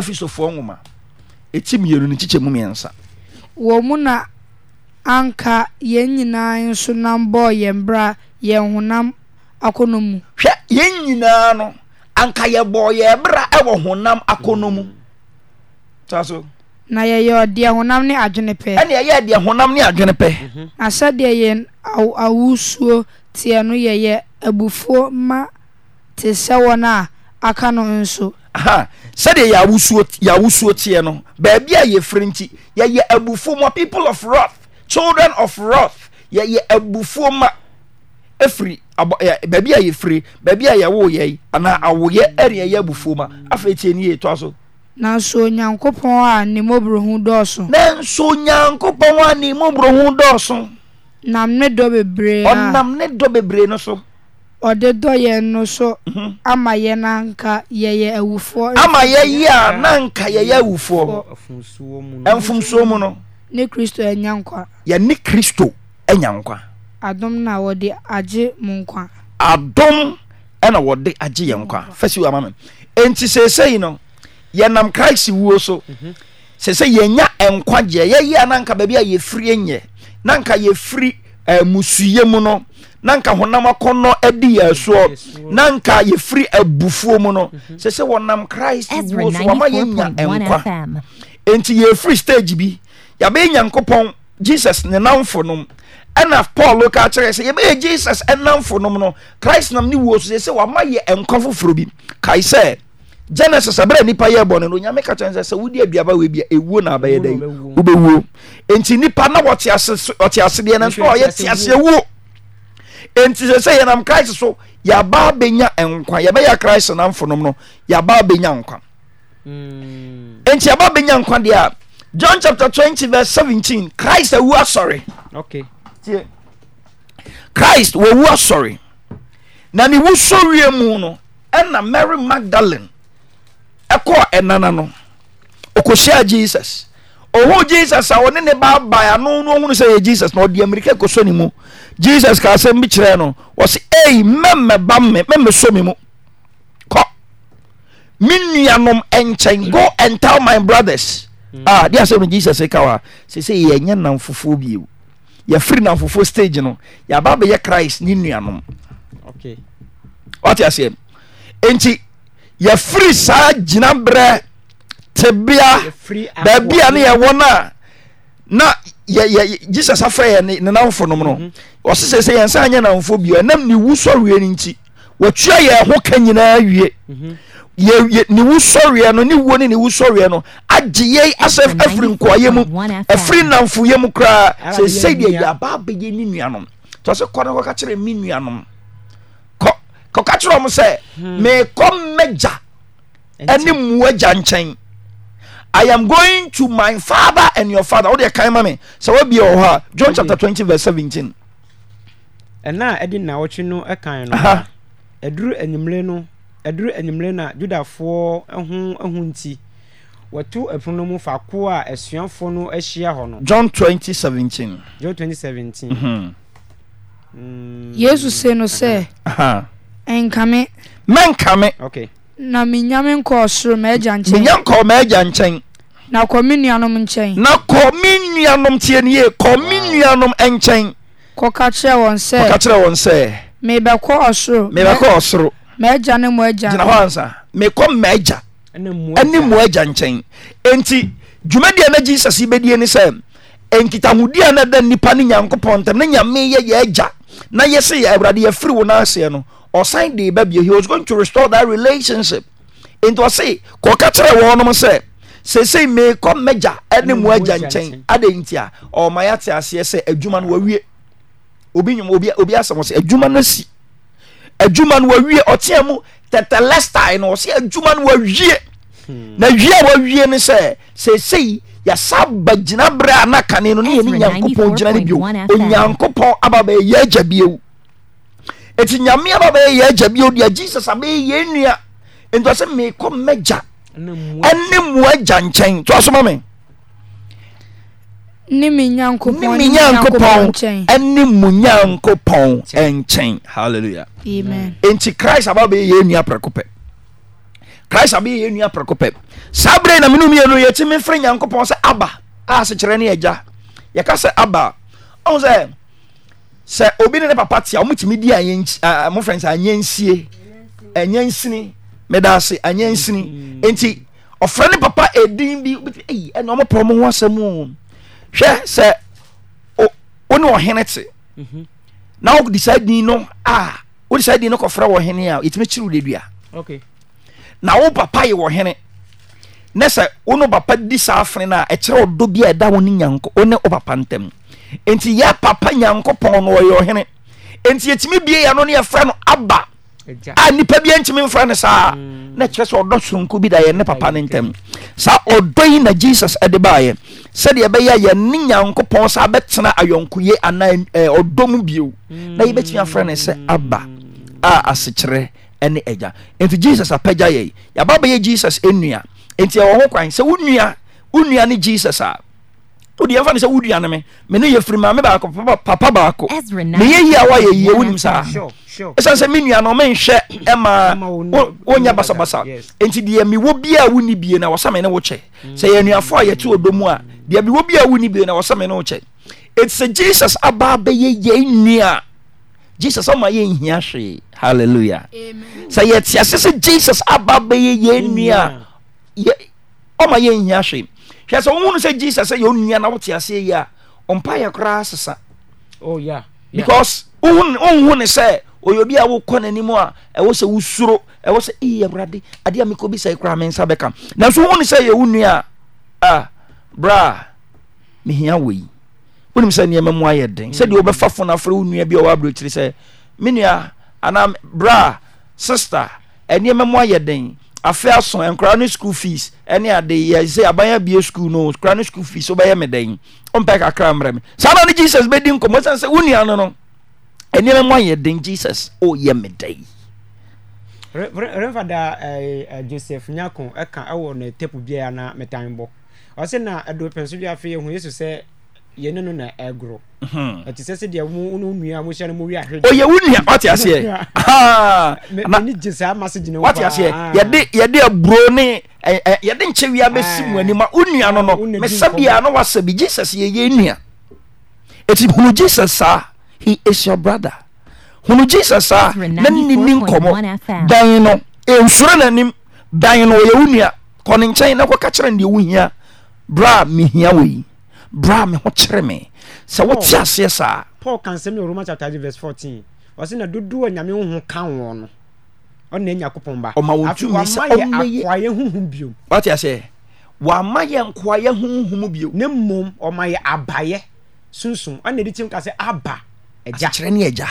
H: afisofoɔ nwoma ɛti mmienu no kyikyɛ mu mmiɛnsa
G: wɔ mu na anka yɛn nyinaa nso nam bɔɔ yɛn bra yɛn honam akɔnɔ mu
H: hwɛ yɛn nyinaa no anka yɛbɔɔ yɛn bra ɛwɔ honam akɔnɔ mu saa so
G: na yɛyɛ ɔdeɛ honam ne adwene pɛ ɛne yɛyɛ deɛ honam ne adwene pɛ na sɛdeɛ yɛn awusuo teɛ no yɛyɛ abufuo ma te sɛ wɔn a aka no nso
H: sɛdeɛ yɛawosuo teɛ no baabi a yɛfiri nti yɛyɛ abufuo ma people of wrath children of wrath yɛyɛ abufuo ma ɛfiri baabi a yɛfiri baabi a yɛwoyɛ anaa awoyɛ ɛne ɛyɛ abufuo ma afei tie ne yɛtɔa so
G: nanso onyankopɔn a ne mmɔborɔ ho dɔɔso nanso onyankopɔn a ne mmɔborɔ ho dɔɔso nam ne dɔ bebree a ɔnam ne dɔ
H: bebree no so
G: ọdịdọ yẹn no so mhm. ama yẹn na nka yẹyẹ awufoɔ. ama yɛyi a na nka yɛyɛ awufoɔ
H: mfumsuo mu no.
G: ne kristo ɛnya nkwa.
H: yɛne kristo ɛnya nkwa.
G: adom na wɔde agye mu nkwa.
H: adom ɛna wɔde agye yɛn nkwa fɛsi wa mami nti seesei no yɛnam kraist wuo so mhm. seesei yɛnya nkwagyeɛ yɛyi a na nka baabi a yɛfiri nyɛ na nka yɛfiri ɛɛ eh, musuye mu no. na nka honam akɔnnɔ di yɛ soɔ na nka yɛfiri abufuo mu no mhm. sɛ sɛ wɔnam christ wuo so wama yɛnya nkwa enti yɛfiri stage bi yɛbɛyɛ nyankopɔn jesus ne namfo nom ɛna paul ka kyerɛ sɛ yɛbɛyɛ jesus ɛnamfo nom no christ nam ne wuo so sɛ wama yɛ nkwa foforɔ bi kae sɛ genesis abẹ́rẹ́ nípa yẹ bọ̀ nínú nyame kàtà nsẹ́ sẹ́ wúdi aduaba wo ebia ewuo na abẹ́yẹ dẹ́ yìí wúbẹ̀ wuo nti nípa náà wọ́te ase deɛ náà ɔyɛ te ase ewuo enti sɛ sɛ yɛnam christ so yɛaba abɛnya nkwa yɛbɛyɛ christ namfonom no yɛaba abɛnya nkwa hmm. enti yɛaba abɛnya nkwa deɛ a john chapter twenty verse seventeen christ awu asɔre okay. christ wawu asɔre na ne wusɔwie mu no ɛna mary magdalene ɛkɔɔ ɛnana no ɔkɔhyia jesus ɔhuu jesus a ɔne ne baabae ano no ɔhunu sɛ yɛ jesus na ɔde amirika kɔsɔ ne mu jesus ka asɛm bi kyerɛ no wɔsi ei mmɛmmɛba mme mmɛmmɛso mi mu kɔ me nuanom nkyɛn go and tell my brothers mm. ah de asɛm no jesus ka wa sese yɛnyɛ nam fufuo bio yɛfiri nam fufuo stage no yaba abɛyɛ christ ne nuanom okay. ɔte aseɛ nti yɛfiri saa gyinaberɛ tebea baabi a ne yɛwɔ no a na yɛ yɛ jesus afɛ yɛ ne ne nanfo nom no ɔsi mhm. sɛ sɛ yɛn nsa anya nanfo bi ɛnam ne wu sɔreɛ ne nti wɔtua yɛn ho ka nyinaa wie yɛ mhm. yɛ ne wu sɔreɛ no ne wuo ne ne wu sɔreɛ no agye yɛ asɛ afiri nkɔyɛ mu afiri nanfo yɛ mu koraa sɛ sɛ deɛ yɛ aba abɛyɛ ne nuanom tɔ sɛ kɔ na kɔka kyerɛ mi nuanom kɔ kɔka kyerɛ wɔn sɛ mɛkɔ mhm. mɛgya ɛne mu agya nkyɛn. I am going to my father and your father. What mami. kind mommy? So what be your heart? John chapter twenty verse seventeen.
B: And now I didn't know what you know a kind of a drew and Yumleno, a drew and Yumlena, Judah for a home a hunty. wɔto ɛpono mu faako a asuafoɔ no ahyia hɔ
H: no john 2017 john 2017 mm -hmm.
B: mm.
H: yesu
G: se no sɛ ɛnkame
H: mɛnkame okay.
G: menya nkɔ
H: mɛgya nkyɛn
G: na kɔ me nnuanom tiny
H: kɔ me nnuanom nkyɛn ka kyerɛ wɔ sɛmeɛsorinas mekɔ magya ɛne mo agya nkyɛn enti dwumadiana jesus yibɛdie ni sɛ ɛnkitahodiia na ɛda nnipa ne nyankopɔn ntam ne nyameyɛ yɛagya na yɛsɛɛ awurade yɛfiri wo no aseɛ no ɔsan de ba bie he was going to restore that relationship nti ɔse kɔka kyerɛ wɔn nom sɛ sese meekɔ mɛgya ɛne mu agya nkyɛn ade nti a ɔma yɛ ate aseɛ sɛ adwuma no wawie obi nyom obi obi asɛm sɛ adwuma no si adwuma no wawie ɔteɛ mu tɛtɛlɛstae no ɔse adwuma no wawie hmm. na wie a wawie no sɛ sesei yasa ba gyina berɛ a na kane no ne yɛ ne nyankopɔn gyina no bio onyankopɔn aba bɛyɛ agya bio ɛnti nyame baabayɛyɛ agya bi oda jesus abɛyɛyɛ nua ntiasɛ mikɔ mɛgya nemuagya nkyɛn tas ma
G: menmyankpɔ nemu
H: nyankpɔnnkɛn ala nti chris babɛyɛyɛna prɛkpcis bɛɛyɛna prɛkpɛ saa berɛinamenoyɛnyɛtmefrɛ nyankopɔn sɛ abaasekyerɛ ne yɛgya yɛkasɛ abahu sɛ sɛ obi ne ne papa tia ɔmo tumi di anyɛ nsi aa mo fɛn sɛ anyɛ nsie anyɛ nsini mɛdaase anyɛ nsini nti ɔfrɛ ne papa edin bi obi ti eyi ɛna ɔmo pɛ ɔmo ho asɛm o hwɛ sɛ o ne ɔhene te mhm. na o de saa din no a o de saa din no kɔfrɛ ɔhene a etumi kyerɛ de dua na o papa yɛ ɔhene ne sɛ o ne papa di saa afene na ɛkyerɛ ɔdɔ bi a ɛda o ne nyanko o ne o papa ntɛm nti yɛ papa nyankopɔn no ɔyɛ ɔhene nti yɛtumi bie yɛ no no yɛfrɛ no aba a nipa bi ntumi mfrɛ no saa mm. na kyerɛ sɛ ɔdɔ soronko bi da yɛne papa no ntam saa ɔdɔ yi na jesus de baayɛ sɛdeɛ ɛbɛyɛ yɛne nyankopɔn saa bɛtena ayɔnkoye anaa ɔdɔ mu bio na yɛbɛtumi afrɛ no sɛ aba mm. a asekyerɛ ne agya nti jesus apagya yɛi yɛaba bɛyɛ jesus nnua nti ɛwɔ ho kwan sɛ wo nua ne jesus a od mfa no sɛ woduano me meno yɛfiri ma me baak papa baakɔmyɛ yia wyɛye on sɛɛse sɛ menuanohɛ maya assyɛia ee aa syɛes sɛ jsus ɔma yɛhia he hwɛ sɛ wohunu sɛ jesus sɛ yɛ onua na wote aseɛ yi a ɔmpayɛ koraa sesa oh, yeah, because wonhu ne sɛ ɔyɛ obi a wokɔ n'anim a ɛwɔ sɛ wosuro ɛwɔ sɛ ii awurade adeɛ a bi sɛ koraa me nsa bɛka nanso wohu ne sɛ yɛ wo nua a bra mehia wɔ yi wonim sɛ nneɛma mu ayɛ den sɛdeɛ wobɛfa mm. fo no afrɛ wo nua bi a ɔwɔ aburokyiri sɛ me nua anaa bra sister ɛnneɛma mu ayɛ den afei aso eh, nkora ne school fees ɛne eh, ade yɛ eh, sɛ aban abie school no nkora ne school fees wobɛyɛ me dan ɔmpɛ kakra mmerɛ me saa na ne jesus bɛdi nkɔmmɔ sɛn sɛ wo nua no no ɛnneɛma mu ayɛ den jesus ɔyɛ me dan
B: remfada uh, joseph nyako ɛka ɛwɔ ne tape biara na metan bɔ ɔsɛ na ɛdo pɛnso bi afei ɛhu yesu sɛ yɛ
H: wonayɛde aburo ne yɛde nkyɛ wia bɛsi mu anima wonua no nomesabia na waasɛ bi jesus yɛyɛ nnua ɛti hunu jesus saa he is your brother hunu jesus saa na neni nkɔmmɔ dan no nsuro nonim dan no ɔyɛ wo nnua kɔne nkyɛneno kɔ ka kyerɛ ndeɛ wo hia berɛ a mehia ɔ bra me ho kyerɛ me sɛ wote aseɛ saa
B: paul ka nsɛm ne roma chapter 3 verse 14 ɔse na dodoɔ nyame woho ka wɔ no ɔna nyankopɔn ba ɔma wɔ tumi sɛ ɔmayɛ akoayɛ
H: honhom biom wote aseɛ wama yɛ nkoayɛ honhom bio ne mmom ɔma yɛ abayɛ sunsun ɔna ɛdi kyim ka sɛ aba agya kyerɛ ne agya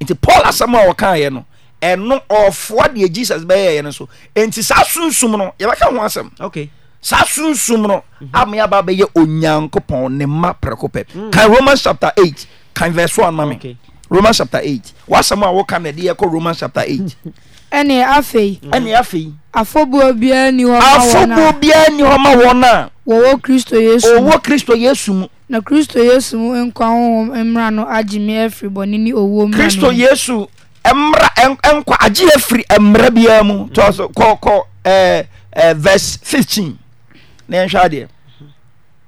H: nti paul asɛm a wɔkaeɛ no ɛno ɔfoa deɛ jesus bɛyɛɛ no so enti saa sunsum no yɛbɛka ho asɛm okay saa sunsum no mhm. ameaba bɛyɛ onyankopɔn ne mma prɛko pɛ mm. kan romans chapter eight kan verse one mami. romans chapter eight wasɛm a woka na ɛde yɛkɔ romans chapter eight
G: ɛne afei mm. ɛne afei afɔbuo biara ni hɔ ma wɔn a afɔbuo biara ni hɔ ma wɔn a wɔwɔ kristo yesu mu wɔwɔ kristo yesu mu na kristo yesu mu nkwa ahohom mmra no agye me afiri bɔne ne owuo mmra no kristo yesu
H: mmra nkwa agye afiri mmra biara mu mm. tɔ so kɔ kɔ ɛɛ ɛɛ verse fifteen na yɛnhwɛ adeɛ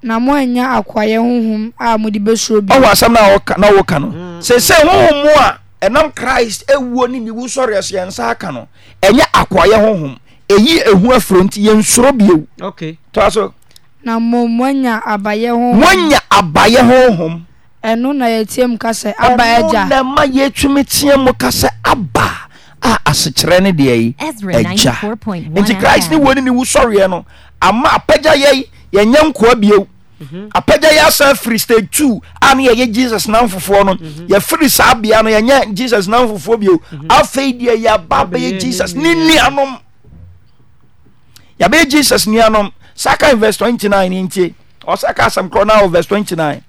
G: na mo anya akwaeɛ
H: honhom a mode bɛsuro bi ɔwɔ asɛm no a na woka no sɛsɛ honhom mu a ɛnam christ ewuo ne ne wusɔre ɛso yɛn nsa aka no ɛnyɛ akwaeɛ honhom ɛyi ehu afuro nti yɛnsuro bio toa so
G: na mo mo anya abayɛ honhom mo anya abayɛ honhom ɛno na yɛtie mu kasɛ aba agya ɛno na
H: ma yɛtumi teɛ mu kasɛ aba a asekyerɛ ne deɛ yi agya nti christ ne wuo ne ne wusɔreɛ no amma apɛgya yɛ yɛnyɛ nkoa bio mhm. apɛgya yɛ asa firi sta tuu a na yɛyɛ jesus namfofoɔ no mhm. yɛfiri saa bea no yɛnyɛ jesus namfofoɔ bi mhm. afei deɛ yɛaba bɛyɛ jesus ne nuanom yɛbɛyɛ jesus nnuanom saka vrs 29 nti ɔsakaasam kr no ɔ vrs 29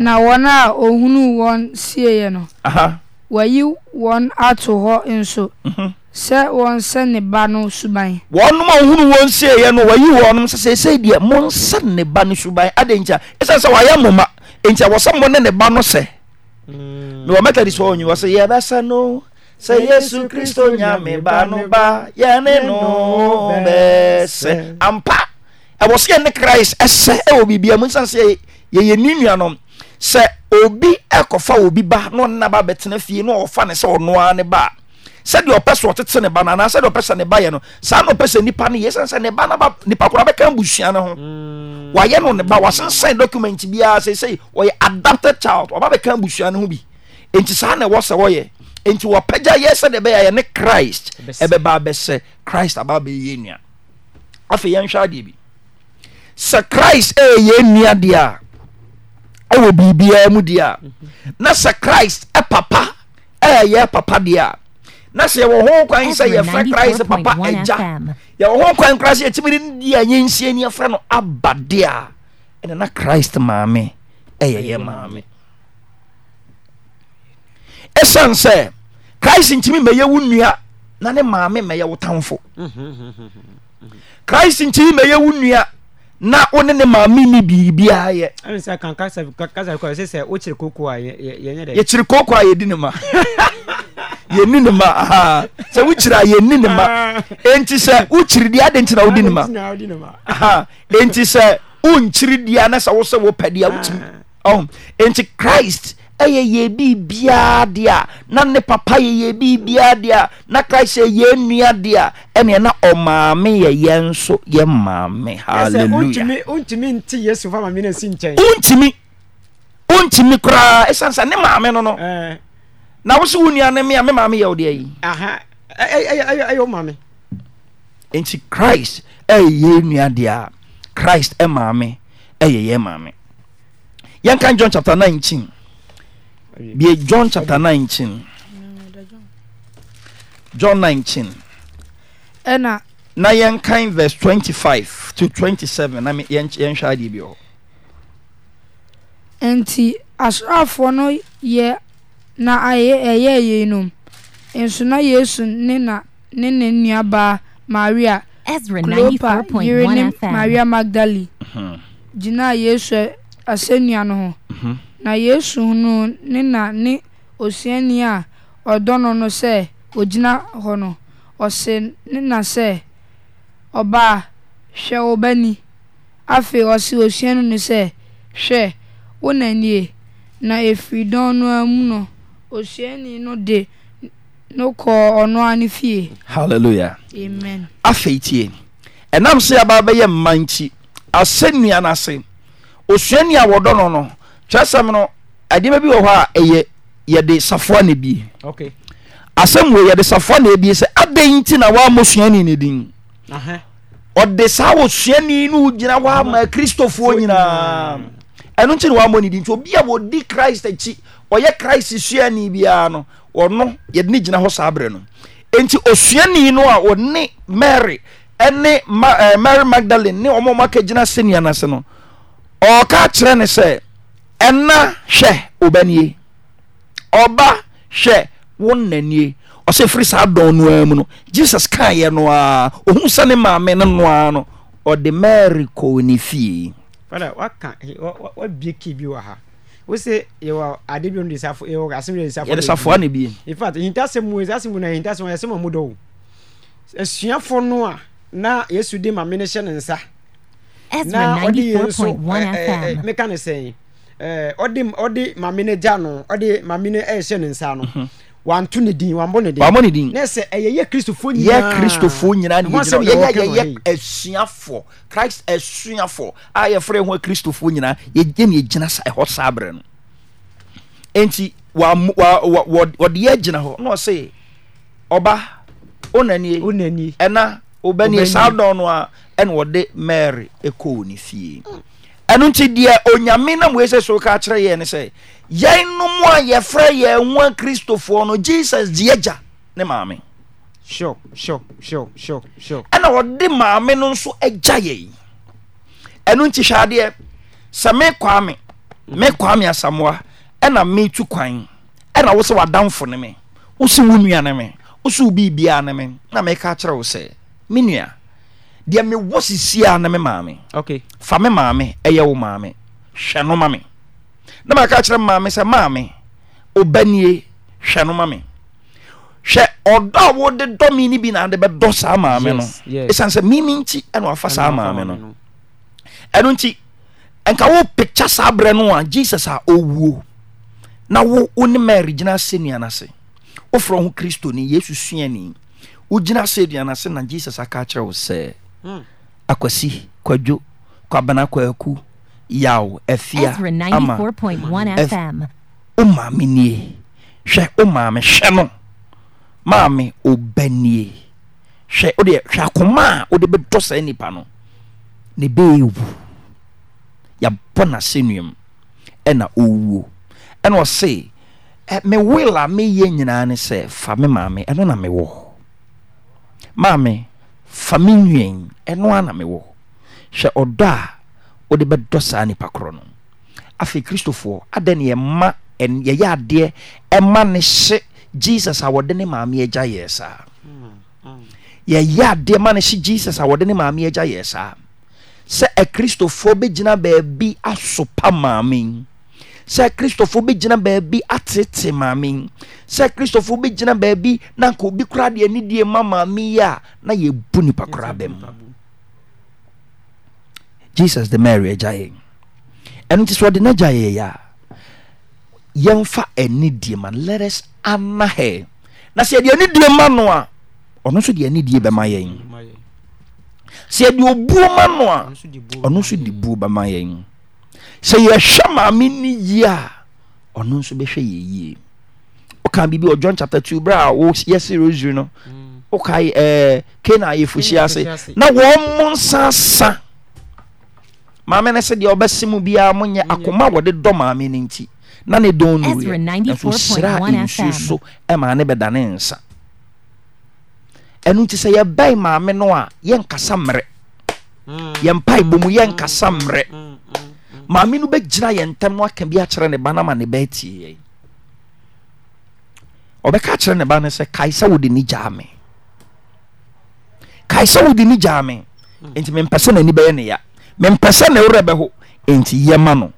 G: na wɔn a ɔhunu wɔn sieɛ no waayi wɔn ato hɔ nso sɛ wɔnsɛ ne ba no suban.
H: wɔn a ohun wɔn se yɛ no wɔyi wɔn sɛ sɛ deɛ mo nsɛ ne ba no suban adi nkyɛn ɛsɛ sɛ wɔayɛ moma nkyɛn wɔsɛ mo ne ne ba no sɛ. na wɔn mɛtɛri sɔ wɔn yi wɔsɛ yɛ bɛ sɛ no sɛ yesu kristo nyame ba no ba yɛ ne no bɛ sɛ ampa ɛwɔ sɛ ne christ ɛsɛ ɛwɔ biribi mu nsa sɛ yɛyɛ ne nuanom sɛ obi ɛkɔfa obi ba na ɔnaba bɛtena fie na ɔfa ne sɛ ɔnoa ne ba sɛdeɛ ɔpɛ sɛ ɔtete ne ba no anaa sɛdeɛ ɔpɛ sɛ ne ba yɛ no saa na ɔpɛ sɛ nipa no yɛ sɛn sɛ ne ba naba nipa koraa bɛka busua no ho wayɛ no ne ba wasensɛn document biara seesei ɔyɛ adapted child ɔba bɛka busua no ho bi enti saa mm-hmm. na ɛwɔ sɛ wɔyɛ enti wɔpɛgya yɛ sɛdeɛ ɛbɛyɛ yɛ ne christ ɛbɛba abɛsɛ christ aba abɛyɛ yɛ nua afei yɛnhwɛ adeɛ bi sɛ christ ɛyɛ yɛ nua deɛ a ɛwɔ biribiara mu deɛ a na sɛ christ ɛpapa ɛyɛ yɛ papa deɛ a na sɛ yɛwɔ ho kwan sɛ yɛfrɛ crist papa gya yɛw ho kwan kr sɛ yɛtumi renia yɛnsianiɛfrɛ no aba deɛa ɛne na christ maame yɛyɛ maame ɛsiane sɛ christ ntimi mɛyɛ wo nnua na ne maame mɛyɛ wo tamfo christ ntimi mɛyɛ wo nnua na wo ne ne maame ne biribiaa yɛ yɛkyire kookoa yɛdi ne ma yɛni n ma sɛ wokyiri a yɛnni nema enti sɛ wo kyirideɛ dɛn ntina wodi n ma enti sɛ wonkyiridia na sɛ wo sɛ wo pɛdeɛ a wotumi nti christ yɛ yɛbibiaa deɛ a na ne papa yɛ yɛbibiaa deɛ a na crist yɛyɛ nnuadeɛ a ɛneɛ na ɔmaameyɛyɛnso yɛ maame hallleluawontumi wontumi koraa ɛsiane sa ne maame no no nawo sɛ wo nnuano me a me maa meyɛwo de ayi nti christ yɛyɛ nnuadeɛa christ maame yɛyɛ maame yɛnka john chap 19 bi j j na yɛnka vs 2527yɛhɛdeɛ
G: na ɛyɛɛ yeinom nso na yesu ne ne nnuabaa maria klopa yerenem maria magdalene hmm. gyina yesu asɛnnua no ho hmm. na yesu hunuu ne na ne osuani a ɔdɔ no no sɛ ogyina hɔ no ɔse ne na sɛ ɔbaa hwɛ wo bani afei ɔse osuani no sɛ hwɛ wo na na ɛfiri dɔn no a mu no osuani no de no kɔɔ ɔno a ne fie
H: halleluya amen afei tie ɛnam sɛ yɛabaa bɛyɛ mma nti asɛ ase osuani a wɔdɔ no no kyerɛsɛm no adeɛma bi wɔ hɔ a ɛyɛ yɛde safoa na ebie asɛm wei yɛde safoa na ebie sɛ adɛn nti na woammɔ suani no din ɔde saa wɔ suani no gyina hɔ ama kristofoɔ nyinaa ɛno nti na woammɔ ne din nti obi a wɔdi christ akyi ɔyɛ christ suani biara no ɔno yɛde ne gyina hɔ saa berɛ no enti osuani no a ɔne mary ɛne ma ɛɛ eh, mary magdalene ne wɔn a wɔaka gyina senia n'ase no ɔɔka kyerɛ ne sɛ ɛna hwɛ ɔbɛnie ɔba hwɛ wɔn nanie ɔsɛ firi saa dɔn no ara no jesus kaa yɛ no ara ohun sani maame no no ara no ɔde mary kɔɔ ne fie.
B: fada waka wabie kii bi wɔ ha wose yɛwɔ ade bi no de safo yɛwɔ asɛm de safo yɛde safoa ne bi in fact hinta asɛm mu yɛsɛ se mu na hinta asɛm yɛsɛ ma mu dɔw asuafo no a na yesu de maame no hyɛ ne nsa na ɔde yɛ nso ɛɛ meka ne sɛn ɛɛ eh, ɔde ɔde maame no gya no ɔde maame no ɛɛhyɛ ne nsa no mhm wanto ne din wambɔ ne din wambɔ ne din ne sɛ ɛyɛ
H: yɛ kristofo nyinaa yɛ kristofo nyinaa ne gyina yɛ yɛ yɛ asuafoɔ christ asuafoɔ a yɛfrɛ ho kristofo nyinaa yɛgyem yɛgyina sa ɛhɔ saa berɛ no enti wɔde yɛ gyina hɔ na ɔse ɔba onanie onanie ɛna obɛnie saa no a ɛna wɔde mary ɛkɔɔ ne fie ɛno nti deɛ onyame na mo yɛ sɛ so ka yɛ ne sɛ yɛn no mu a yɛfrɛ yɛn ho akristofoɔ no jesus di agya ne maame sure sure sure sure sure ɛna ɔde maame no nso agya yɛn ɛno nti hwɛ adeɛ sɛ me kwame me kwame asamoa ɛna me tu kwan ɛna wosɛ wadanfo ne me wosi wo nua ne me wosi wo biribia ne me na meka kyerɛ wo sɛ me nua deɛ mewɔ sisia ne me maame okay. fa me maame ɛyɛ wo maame hwɛ no ma amakaa kyerɛ maame sɛmaame banihɛ nomamehwɛ ɔdɔ a woddɔmene bi naɛdɔsaa maame nosine sɛ mem nti nfasamaoɛnonti nka wopia saa berɛ noa jesus a wuonawowonimɛrgyina sɛnnuanase wof kistnysawogina sɛse nassakyerɛ o sɛ hmm. akwasikwawowanakak ya afia
A: womaame
H: nnie hwɛ womaame hwɛ no maame oba nnie hwɛ wo deɛ hwɛ ako maa wode bɛdɔ saa nnipa no ne bɛɛbu yabɔ n'asɛ nnuamu ɛna ɔwuo ɛne ɔse mewela meyɛ nyinaa ne sɛ fa me maame ɛno namewɔ maame fa me nwen ɛno ana mewɔ hwɛ ɔdɔ a ɛmmyɛyɛ adeɛ ma no hye jisus awɔde ne maameɛgya yɛɛ saa sɛ kristofoɔ bɛgyina baabi aso pa maamen sɛ kristofoɔ bɛgyina baabi ateetee maamen sɛ kristofoɔ bɛgyina baabi nankaobi koradeɛ nidee ma maame yi a na yɛbu nnipa koraabɛ mu jesus de mary agya yɛn ɛno nti sɛ ɔde no agya yɛn yɛ a yɛmfa die ma let us ana her na sɛ yɛde ani die ma no a ɔno nso de ani die bɛma yɛn sɛ yɛde obuo ma no a ɔno nso de buo bɛma yɛn sɛ yɛhwɛ maame ni yie a ɔno nso bɛhwɛ yɛ yie woka biribi wɔ john chapter two bra. a woyɛse rosary no mm. wokae ɛɛ kena ayɛfohyia ase na wɔn mo nsa sa maame no sɛdeɛ mm. ɔbɛs mu biaamyɛ mm, amaɛɛɛɛmam ɛkasammermaɛammmam mm, no ɛinayɛtmoka bikerɛ n bamɛkɛɛ d amepɛniyɛ a mempɛ sɛ ne werɛ bɛho enti yɛma no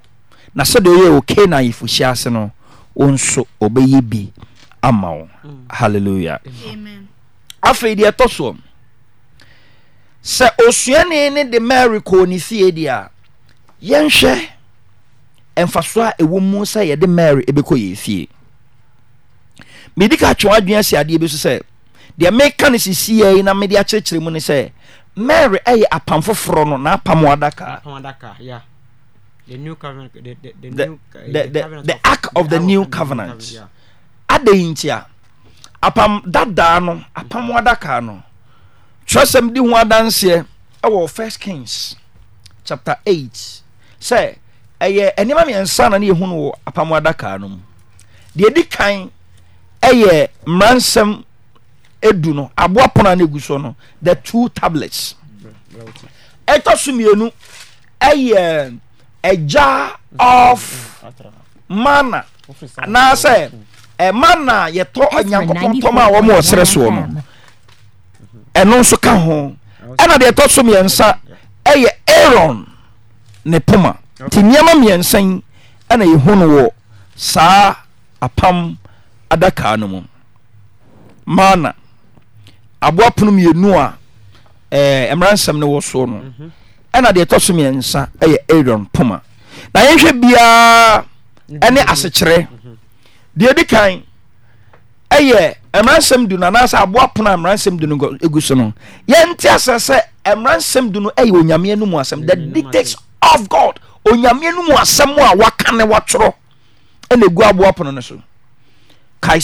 H: na sɛdeɛ ɔyɛ o kana yifohyia ase no wo nso ɔbɛyɛ bi ama wo mm. halleluya afei deɛ ɛtɔ soɔ sɛ osuani ne de mary kɔɔ ne fie deɛ a yɛnhwɛ mfasoɔ a ɛwɔ mu sɛ yɛde mary ɛbɛkɔ yɛ fie medi ka atwe adwene asi adeɛ bi so sɛ deɛ meka no sisi yɛ yi na mede akyerɛkyerɛ mu ne sɛ mary ɛyɛ eh, apam foforɔ no naapamadakaathe act uh, of the new covernant adai ntia apa dadaa no apamadakaa no terɛsɛm de ho adanseɛ wɔ first kings chapter 8 sɛ ɛyɛ anoɔmammiɛnsana no yɛhu n wɔ apamadakaa no mu deɛ ɛdi kan ɛyɛ mmara nsɛm edu no aboa pono ano egu so no the two tablets ɛtɔ so mmienu ɛyɛ ɛgya of mana anaasɛ ɛmana yɛtɔ anyankopɔntɔm a wɔn ɔsrɛ soɔ no ɛno nso ka ho ɛna deɛ ɛtɔ so mmiɛnsa ɛyɛ aaron ne poma nti nneɛma mmiɛnsa yi ɛna yɛhu no wɔ saa apam adaka no mu mana aboa pono mmienu a ɛɛ eh, mmaransɛm no wɔ soɔ no mhm. ɛna deɛ ɛtɔ so mmiɛnsa ɛyɛ arion poma na yɛnhwɛ biara mhm. ɛne asekyerɛ mhm. deɛ di kan ɛyɛ mmaransɛm du no anaasɛ aboa pono a mmaransɛm du no egu so no yɛnte asɛ sɛ mmaransɛm du no ɛyɛ onyame no mu asɛm the dictates of god onyame no mu asɛm a waka ne watwerɛ ɛna egu aboa pono no so kae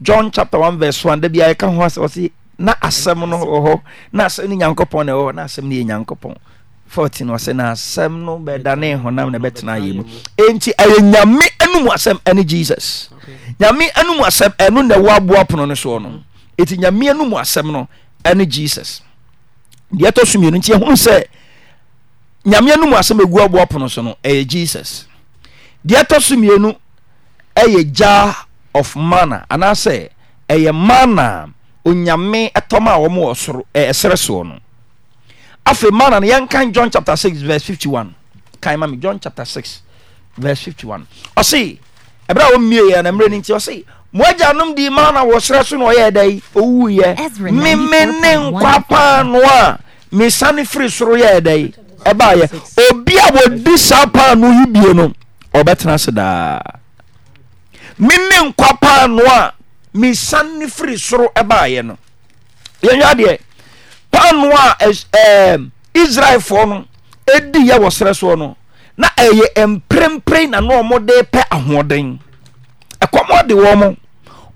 H: john chapter one verse one dabi a yɛka ho asɛ ɔsi na asɛm no wɔ hɔ na asɛm no nyankopɔn na ɛwɔ hɔ na asɛm no yɛ nyankopɔn fourteen ɔsɛ na asɛm no bɛdane honam na ɛbɛtena ayɛ mu enti ɛyɛ nyame anum asɛm ɛne jesus nyame anum asɛm ɛno na ɛwɔ aboa pono no soɔ no eti nyame anum asɛm no ɛne jesus deɛ ɛtɔ so mmienu nti ɛho sɛ nyame anum asɛm egu aboa pono so no ɛyɛ jesus deɛ ɛtɔ so mmienu ɛyɛ gyaa of mana anaasɛ ɛyɛ mana onyame ɛtɔm a wɔn wɔ soro ɛsrɛ soɔ no afei mana no yɛnkan john chapter six verse fifty one kan ma john chapter six verse fifty one ɔsi ɛbɛrɛ a wɔmmie yɛ na mmerɛ ni nti ɔsi mo agyanom di mana wɔ srɛ so na ɔyɛ ɛdɛ yi owu yɛ
A: mimi ne nkwa
H: paano a misane firi soro yɛ ɛdɛ yi ɛbaayɛ obi a wɔdi saa paano yi bie no ɔbɛtena ase daa. mene nkwa paa no a mesane firi soro baeɛ no yɛnwa deɛ paano a israelfoɔ no ɛdi yɛ wɔ serɛ soɔ no na ɛyɛ mprempren na na ɔmode pɛ ahoɔden ɛkɔmɔde wɔ mo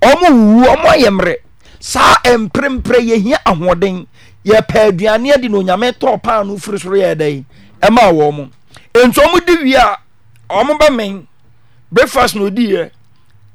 H: ɔmo wuwu ɔmo ayɛ mmerɛ saa mprempre yɛhia ahoɔden yɛpɛ aduane adi na onyame tɔɔ paa firi soro yɛ dɛn ɛma wɔ mo nti ɔmo di wie a ɔmo bɛmen breakfast na odiiɛ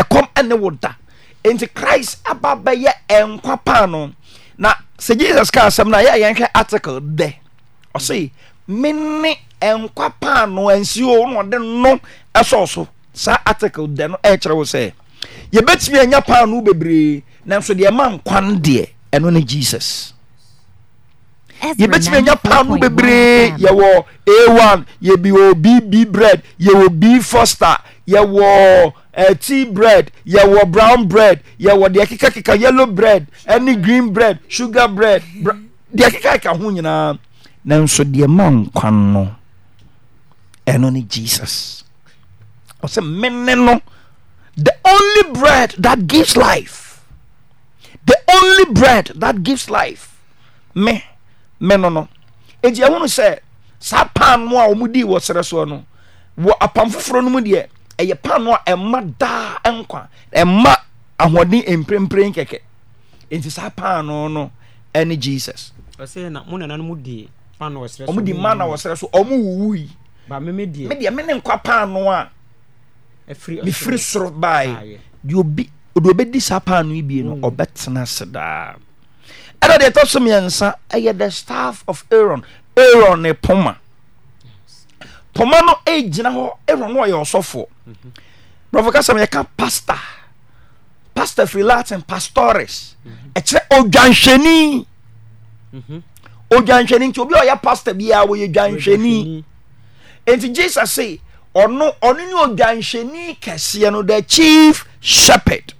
H: ɛkɔm ɛne wo da nti christ aba bɛyɛ nkwa paa no na sɛ jesus ka asɛm no a yɛ yɛnhwɛ article dɛ ɔse mene nkwa paa no nsuo na ɔde no ɛsɔɔ so saa article dɛ no ɛkyerɛ wo sɛ yɛbɛtumi anya paa no bebree nanso deɛ ma nkwa deɛ ɛno ne jesus yɛbɛtumi anya paa no bebree yɛwɔ a1 yɛbi wɔ bb bread yɛwɔ b foster yɛwɔ Eh, t bread yɛwɔ brown bread yɛwɔ deɛ kekakeka yelow bread ɛne green bread sugar bread deɛ kekaka ho nyinaa nanso deɛ ma nkwan no ɛno ne jesus ɔsɛ mene no the n brd that gies lifthe only bread that gives life meme no no ɛnti ɛhonu sɛ saa pa mo a ɔmudii wɔ serɛ soɔ no wɔ apan foforɔ no mu deɛ ɛyɛ paano a ɛma daa nkwa ɛma ahoɔden mprempren kɛkɛ nti saa paano no ɛne jesus.
B: ɔsɛ na mo nana mo di mana wɔsrɛ so ɔmo di mana wɔsrɛ so
H: ɔmo wuwu yi. ba mi mi di yɛ mi di yɛ mi ne nkwa paano a mi firi soro baayi di obi odo obedi saa paano yi bie no mm. ɔbɛtena ase daa ɛna deɛ ɛtɔ so mmiɛnsa ɛyɛ the staff of aaron aaron ne poma poma no egyina hɔ aaron no ɔyɛ ɔsɔfoɔ. brɔfo kasa mi yɛ ka pastor pastor firi latin pastores ɛkyerɛ odwanhwɛni odwanhwɛni nti be a ɔyɛ pastor biara wɔyɛ dwanhwɛni nti jesus say ɔno ɔno ne odwanhwɛni kɛseɛ no the chief shepherd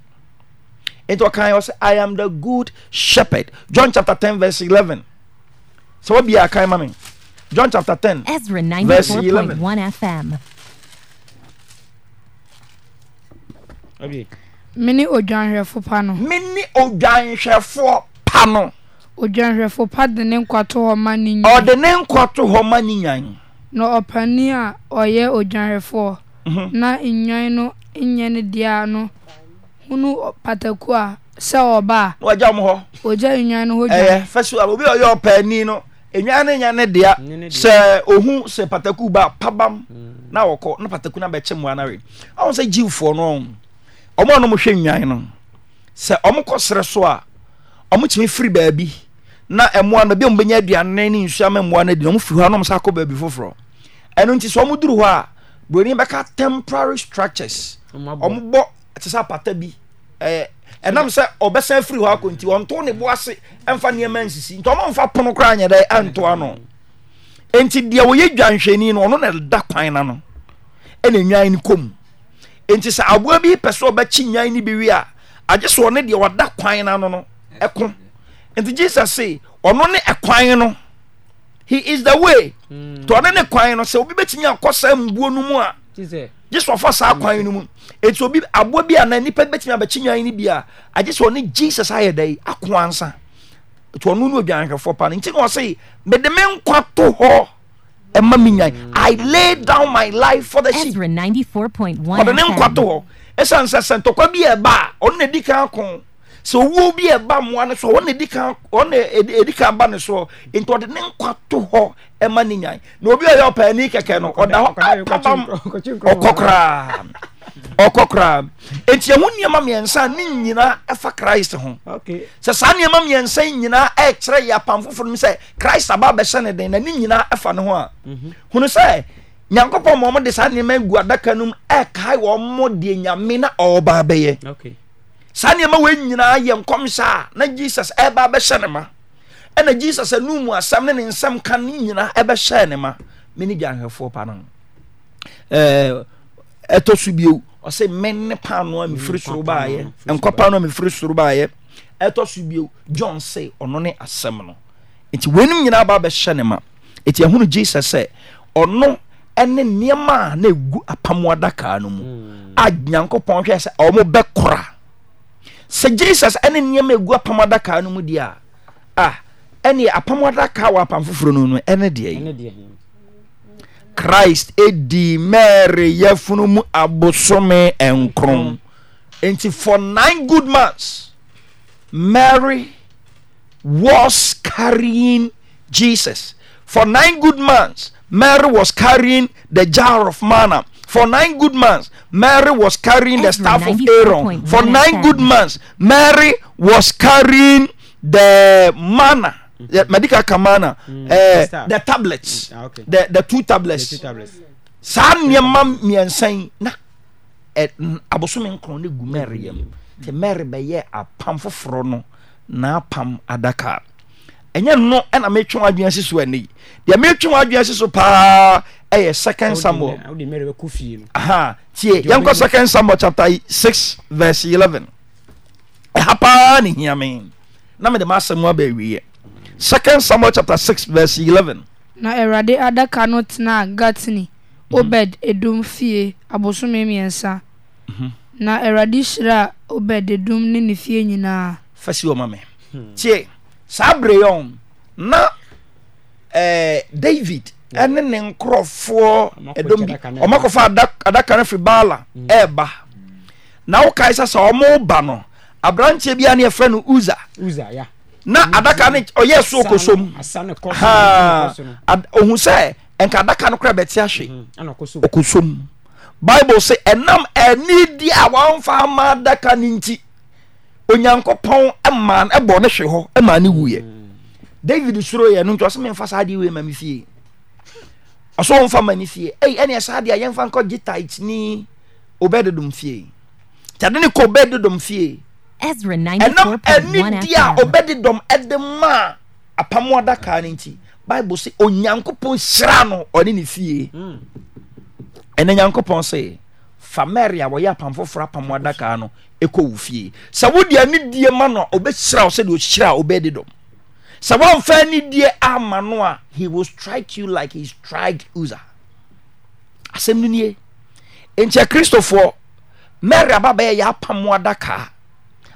H: nti ɔkan say, i am the good shepherd john chapter ten verse eleven sɛ be a kind ma mi john chapter ten
A: Ezra verse eleven.
G: mini odwanhwɛfo pa no mini odwanhwɛfoɔ pa no pa de ne hɔ ma ne nyan ɔde ne hɔ ma ne na ɔpani a ɔyɛ mhm. na nnwan no nyɛ ne deɛ no hunu pataku a sɛ ɔba a
H: ɔgya
G: hɔ no a
H: obi a ɔyɛ ɔpani no nnwan no ne sɛ pataku ba pabam mm. na na pataku no ɔmo a ɔmo hwɛ nwan no sɛ ɔmo kɔ serɛ so a ɔmo tumi firi baabi na ɛmoa no bi ɔmo bɛnya aduane ne nsu ama mmoa no adi na ɔmo firi hɔ ɔmo sa kɔ baabi foforɔ ɛno nti sɛ ɔmo duru hɔ a broni bɛka temporary structures ɔmo bɔ te sɛ apata bi ɛɛ ɛnam sɛ ɔbɛsan firi hɔ akɔ ɔnto ne bo ase ɛnfa nneɛma nsisi nti ɔmo nfa pono koraa nyɛ dɛ ɛnto ano nti deɛ wɔyɛ dwanhwɛni no ɔno na ɛda kwan na no ɛna nwan no kɔm nti sɛ aboa bi pɛ sɛ ɔbɛkyi nyan no bi wie a agye sɛ ɔne deɛ wada kwan no ano no ɛko nti jesus se ɔno ne ɛkwan no he is the way mm. to ɔne ne kwan no sɛ obi bɛtumi akɔ saa mbuo no mu a gye sɛ ɔfa saa kwan no mu nti obi aboa bi anaa nipa bɛtumi abɛkyi nyan no bi a agye sɛ ɔne jesus ayɛ dɛ ako ansa nti ɔno ne odwanhwɛfoɔ pa no nti na ɔse mede me nkwa to hɔ I lay down my life for the sheep. Ezra 94.1. Ọ̀dọ̀ ní nkwato hɔ, ɛsan sɛ sɛntɔkwa bi ɛba a, ɔno na edi kan ko. Sɛ owuo bi ɛba mmoa no so, ɔno na edi kan ɔno na edi kan ba ne so, nti ɔde ne nkwato hɔ ɛma ne nyan. Na obi a ɔyɛ ɔpaani kɛkɛ no, ɔda hɔ apabam ɔkɔ koraa ɔkɔ koraa enti ɛho nneɛma mmiɛnsa ne nyinaa ɛfa christ ho sɛ saa nneɛma mmiɛnsa nyinaa ɛkyerɛ yɛ apam foforɔ mu sɛ christ aba abɛhyɛ ne den na ne nyinaa ɛfa ne ho a mhm. hunu sɛ nyankopɔn ma ɔmo de saa nneɛma egu adaka no mu ɛkae wɔn mo deɛ nyame na ɔɔba abɛyɛ saa nneɛma wei nyinaa yɛ nkɔmhyɛ a na jesus ɛɛba abɛhyɛ ne ma ɛna jesus anum mu asɛm ne ne nsɛm ka ne nyinaa ɛbɛhyɛ ne ma me ne gyanhwɛfoɔ pa no ɛɛ ɛtɔ so bio ɔsɛ mɛne paano a mefiri soro baayɛ nkɔ paano mefiri soro baayɛ ɛtɔ so bio john se ɔno ne asɛm no nti wɔnum nyinaa ba bɛhyɛ ne ma nti ɛhono jesus sɛ ɔno ɛne nneɛma a na egu apamo adaka no mu hmm. a nyankopɔn hwɛ sɛ ɔmo bɛkora sɛ jesus ɛne nneɛma egu apamo adaka no mu deɛ a a ah, ɛne apamo adaka wɔ apam foforɔ no no ɛne deɛ yi. christ edi mary yɛfunu mu abosome enkron. nti for nine good months mary was carrying jesus for nine good months mary was carrying the jar of manna for nine good months mary was carrying the staff of aaron for nine good months mary was carrying the manna 'adika kamanathe tabletsthe tw tablets saa nneɛma mmiɛnsayi nabsome nkr no gu mɛreyam t mere bɛyɛ apam foforɔ no na apam adakaa ɛnyɛ nno ɛna metwew adwnasi so ani yi deɛ metwew adwnasi so paa ɛyɛ sen samuelt ɛnk s samuel ca 6 v 11 ha paa ne hiame na mede m' asɛmu abaawieɛ second samuel chapter 6 verse 11
G: na awurade adaka no na Gatni, mhm. obed edom fie abosome mmiɛnsa mhm. na awurade Shira, obed edom ne ne fie nyinaa
H: Fasi si ɔma hmm. tie saa na eh, david hmm. ɛne ne nkurɔfoɔ ɛdɔm bi ɔma kɔfa adaka no firi baala hmm. ɛɛba na wokae sɛ sɛ ɔmo ba no aberanteɛ bi a ne yɛfrɛ no na adaka ne ɔyɛ mhm. so okosom ohun sɛ nka adaka no kora bɛte ahwe okosom bible sɛ ɛnam anidi a wɔmfa ama adaka no nti onyankopɔn ma bɔ ne hwe hɔ ma ne wuiɛ mhm. david suroyɛ no nti ɔsɛ memfa saa adeɛ wei ma me fie ɔsɛ ɔmfa ma ne fie ei ɛneɛ saa adeɛ a yɛmfa nkɔ gye tit ne obɛdodom fie tade ne kɔ obɛdodom fie Ezra 94.1 FM. Ɛnam a obedi dɔm ɛde ma apamu adaka ne nti bible sɛ onyankopɔn hyira no ɔne ne fie ɛnɛ hmm. nyankopɔn sɛ fa mary a wɔyɛ apam foforɔ apamu adaka no ɛkɔ wo fie sɛ wode anidie ma no a ɔbɛhyira wo sɛdeɛ ɔhyira a ɔbɛdi dɔm sɛ woamfa anidie ama no a he will strike you like he strike user asɛm no nie nkyɛ kristofoɔ mary aba yɛ apamu adaka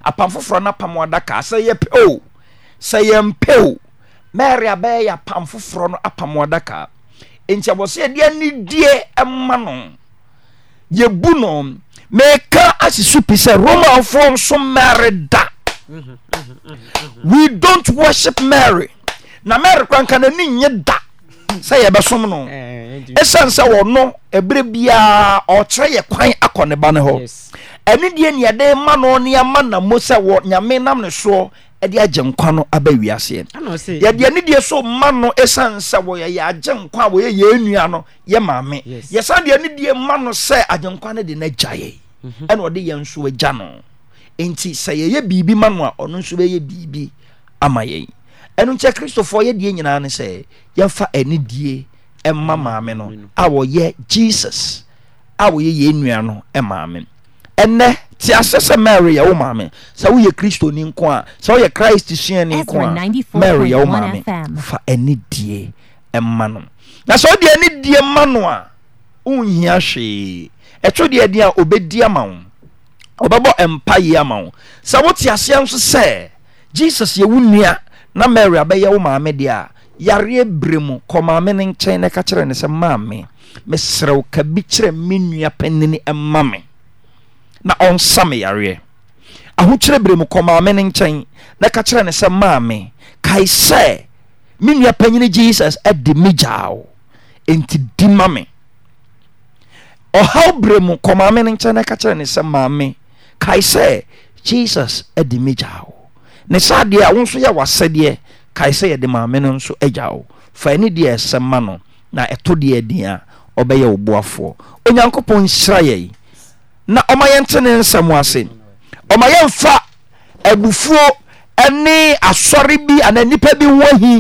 H: apam foforɔ no apam adaka sɛ yɛ pɛ o oh, sɛ yɛmpɛ o mary abɛyɛ apam foforɔ no apam adaka nti abɔsɛ yɛde anidie ma no yɛbu no meka asisu pi sɛ romanfoɔ nso mary da we don't worship mary na mary kora nka n'ani nye da sɛ yɛbɛsom no ɛsiane eh, eh, sɛ wɔno ɛberɛ biara ɔkyerɛ yɛ kwan akɔ ne ba ne hɔ ɛne deɛ ne yɛde ma no ne yɛma namo sɛ wɔ nyame nam ne soɔ ɛde agye nkwa no aba wiaseɛ yɛdeɛ ne deɛ so ma no ɛsiane sɛ wɔyɛ yɛ agye nkwa a wɔyɛ yɛn nua no yɛ maame yɛsan deɛ ne deɛ ma no sɛ agye nkwa no de no mhm. ɛna ɔde yɛn nso agya no nti sɛ yɛyɛ biribi ma no a ɔno nso bɛyɛ biribi ama yɛn ɛno nkyɛ kristofoɔ yɛdeɛ nyinaa ne sɛ yɛmfa ɛne die ɛma maame no a wɔyɛ jesus a wɔyɛ yɛn nua no ɛmaame ɛnɛ teaseɛ sɛ mary yɛwo maame sɛ woyɛ kristonik ɛwoyɛ christ suanf nimaona sɛ wode ne die ma no a wohia hwee tdeɛe a obɛdi amao ɔbɛbɔ mpayieamao sɛ wo teaseɛ nso sɛ jesus yɛwo nnua na mary a bɛyɛ wo maamedeɛ a yae bremumaameno nyɛna kyerɛno sɛ mame mesrɛw kabi kyerɛ mena pɛnin mame na ɔnsame yareɛ ahokyerɛ berɛ mu kɔmaame no nkyɛn na ka kyerɛ no sɛ maame kae sɛ me nua panyine jesus di me gao nti di ma me haw berɛ mu ɔmame no nyɛna erɛn sɛ maae ɛ jesus dm aesadeɛa wo soyɛwsdeɛ sɛyɛde maam noaofandɛɛ ma nonɛɔɛyɛ w oafoɔykɔiri na ɔma yɛnte ne nsɛm ase ɔma yɛmfa abufuo ne asɔre bi anaa nnipa bi wɔ hi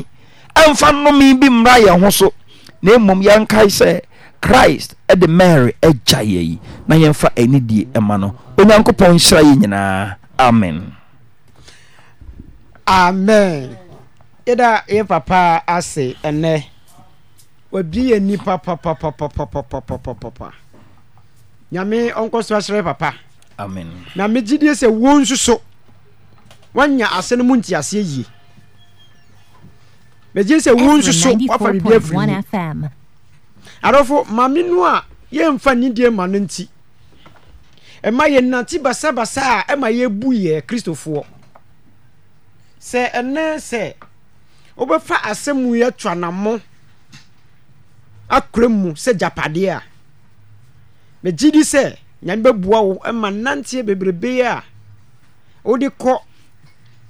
H: ɛmfa nnome bi mmra yɛn ho so na mmom yɛnkae sɛ christ de mary agya yɛ yi na yɛmfa anidie ma no onyankopɔn nhyira yi nyinaa amen amen
B: yɛda yɛ papa ase ɛnɛ wabie yɛ nipa papapapapapapapa nyame ɔnkɔ so ahyerɛ papa amen na megyedie sɛ wo nso so woanya ase no mu nteaseɛ yie megye sɛ wo nso so woafa biribi afiri mu adɔfo maame no a yɛmfa nidie ma no nti ɛma yɛ nante basabasa a ɛma yɛbu yɛ kristofoɔ sɛ ɛnɛ sɛ wobɛfa asɛm yi atwa nammo akura mu sɛ gyapadeɛ a megye di sɛ nyame bɛboa wo ma nanteɛ bebrebe a wode kɔ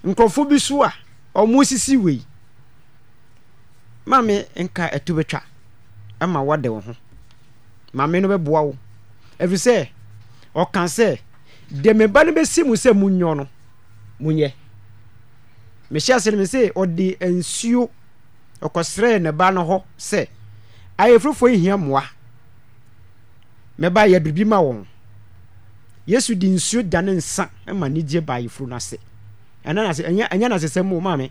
B: nkurɔfoɔ bi so a ɔmo sisi wei maame nka ɛto bɛtwa ma wada wo ho maame no bɛboa wo ɛfiri sɛ ɔka sɛ deɛ meba no bɛsi mu sɛ monyɔ no monyɛ mehyɛ ase no me sɛ ɔde nsuo ɔkɔsrɛɛ ne ba no hɔ sɛ ayɛforofoɔ yi hia mmoa mɛba yɛ biribi ma wɔn yesu de nsuo da ne nsa ma ne gye ba ayeforo no ase ɛnyɛ n'asesɛm mu maame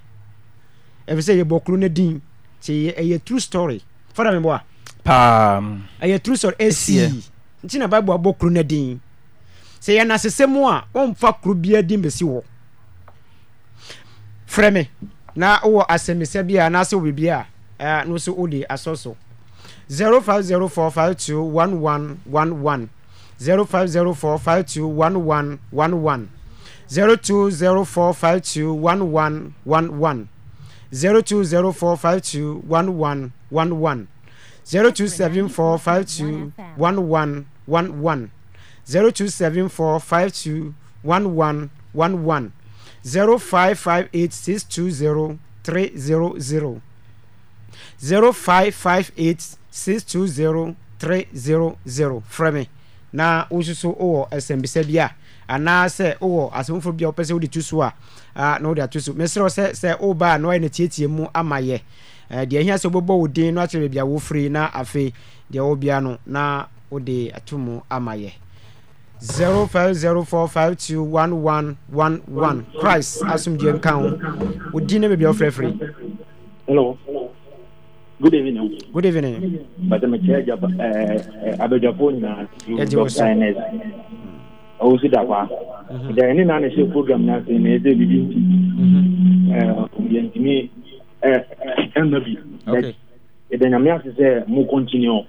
B: ɛfiri sɛ yɛbɔ kuro no din nti ɛyɛ true story fada meboa paam ɛyɛ true story ɛsii nti na bible abɔ kuro no din sɛ yɛ n'asesɛm mu a wɔmfa kuro biara din bɛsi wɔ frɛ me na wowɔ asɛmmisa bi a anaasɛ wɔ biribi a na wo so wode asɔ so Zero five zero four five two one one one one, zero five zero four five two one one one one, zero two zero four five two one one one one, zero two zero four five two one one one one, zero two seven four five two one one one one, zero two seven four five two one one one one, zero five five eight six two zero three zero zero, zero five five eight six two zero three zero zero frɛ me na wosusu wowɔ asɛmbisa bi a anaasɛ wowɔ asɛmfoforɔ bi a wopɛ sɛ wode tu so a na wode ato so mesrɛ sɛ sɛ woba a na wayɛ no tietie mu ama yɛ deɛ ahia sɛ wobɛbɔ wo din no akyerɛ baabi a wofiri na afei deɛ wɔ bia no na wode ato mu ama yɛ 0504521111 christ asomdue nka ho wodi ne baabi a wofrɛfiri hello, hello. good evening. good evening. pàṣẹ
F: mi kí ẹ jọ abẹjọpọ nyinaa dr ns owó sí dàpá ìjà ẹni náà ní ṣe program náà sí ní ẹdẹ bíbí yẹn tìmí ẹnna bi ìdẹnyàmí àṣìṣe mú kọ́ntínú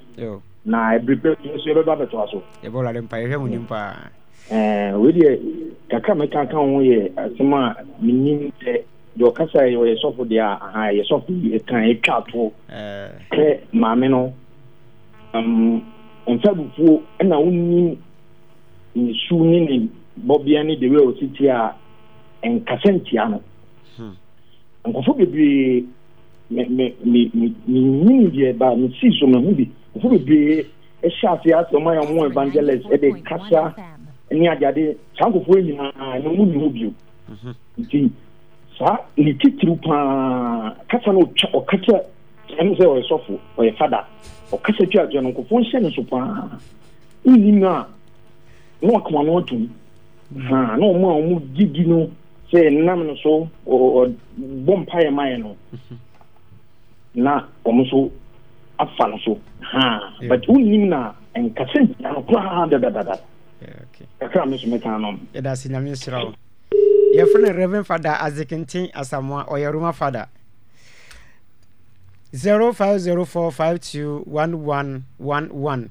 F: na ẹbí pé kí n sọ ẹbẹ bá bẹ tó aṣọ.
B: ẹ bọ́ lọ́dẹ mpa ẹ̀rẹ́ mu ní mpa.
F: ẹ̀ẹ́d wíìdì kàkà mi kankan wọn yẹ àṣìmọ́ mi ní tẹ. Eh, deɛ ɔkasa yɛ ɔyɛ sɔfo deɛ aha yɛ sɔfo e kan e atwa toɔ
D: eh. sɛ
F: maame no um, nfa bufuo ɛna e wonim nsu ne ne bɔbea ne dewe a ɔsi tie nkasa ntia no hmm. nkɔfo bebree me me me me nyini deɛ ba me si so me ho bi nkɔfo bebree ɛhyɛ ase asɛ ɔmo ayɛ ɔmo evangelist ɛde kasa ne adeade saa nkɔfo nyinaa ɛna ɔmo nyi ho bio nti. Hmm saa ne titiriw paa kasa no ɔtwa ɔkasa ɛno sɛ ɔyɛ sɔfo ɔyɛ fada ɔkasa twa atwa no nkɔfoɔ nhyɛ ne so paa nnim a na wakoma no atom na ɔmo a ɔmo gyidi no sɛ nam no so ɔbɔ mpaeɛ maɛ no na ɔmo so afa no so
B: ha but wonnim na nkasa ntia no koraa dadadada kakra me so meka no ɛdase nyame nhyira yɛfrɛ no reven fada azekenten asamoa ɔyɛ roma fada 0504521111 0504521111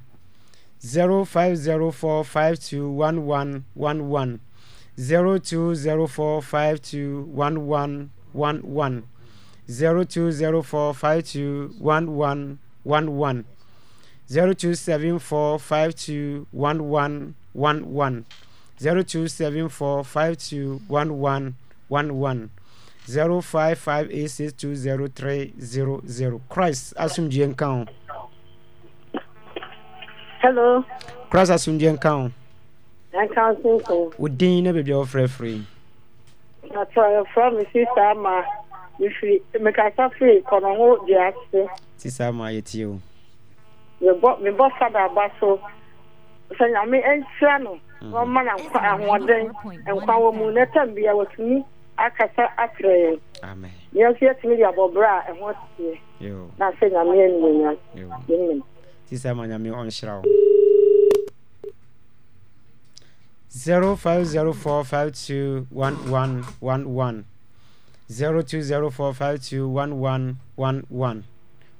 B: 0204521111 0204521111 0274521111 zero two seven four five two one one one one zero five five eight six two zero three zero zero christ asumdie nka hello. christ asumdie nka o.
I: nka o tuntun.
B: o din ne baabi a wɔfrɛ firi.
I: atọ ɛfrɛ mi sisa ama mifiri mikasa firi kɔnɔho di ase.
B: sisa ama yɛ tie o.
I: mebɔ mebɔ fada aba so sɛ nyame nkyerɛ no wɔn ma na nkwa ahoɔden nkwa wɔ mu ne tam bi a wɔtumi akasa akyerɛ yɛn yɛn nso yɛtumi de abɔbrɛ a ɛho teɛ na sɛ nyame anuonyam yɛnim
B: sisa ma nyame ɔnhyira wo 0504521111 0204521111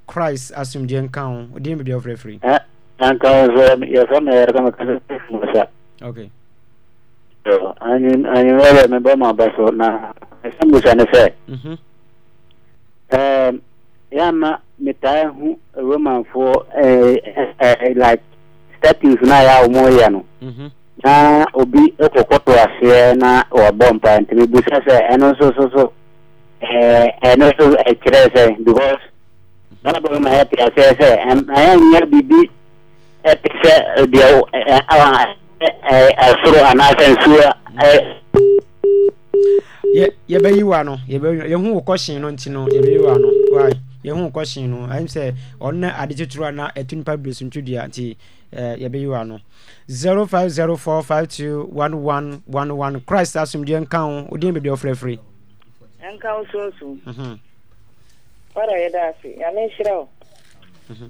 B: Christ asumdie nka ho odin bi de
D: ofrefri
I: anka yɛfrɛ me yɛreka mekasa okay anyiwerɛ mebɛ ma ba so na ɛsambusa ne sɛ yɛama Um, yeah, ma, like steppings no a for a wo mɔyɛ no na obi kɔkɔto aseɛ na wɔbɔ mpa nti mebusa business ɛno nso so so ɛno so ɛkyerɛ eh, sɛ because baba ma yɛte aseɛ sɛ ɛyɛnyɛ biribi ɛte sɛ deɛ ɛsoro anaasɛ nsuo
B: yɛbɛyi wa no yɛhu wo kɔhyen no nti no yɛbɛyi wa no wai yɛhu wo kɔhyen no ɛm sɛ ɔno ade titoro a na ɛto nipa bere so ntwodua nti eh, yɛbɛyi wa no 0504521111 christ asomdwe nka wo wodin baabi a
D: nka wo sonsom
B: mhm.
I: fara yɛda ase nyame nhyerɛ wo mhm.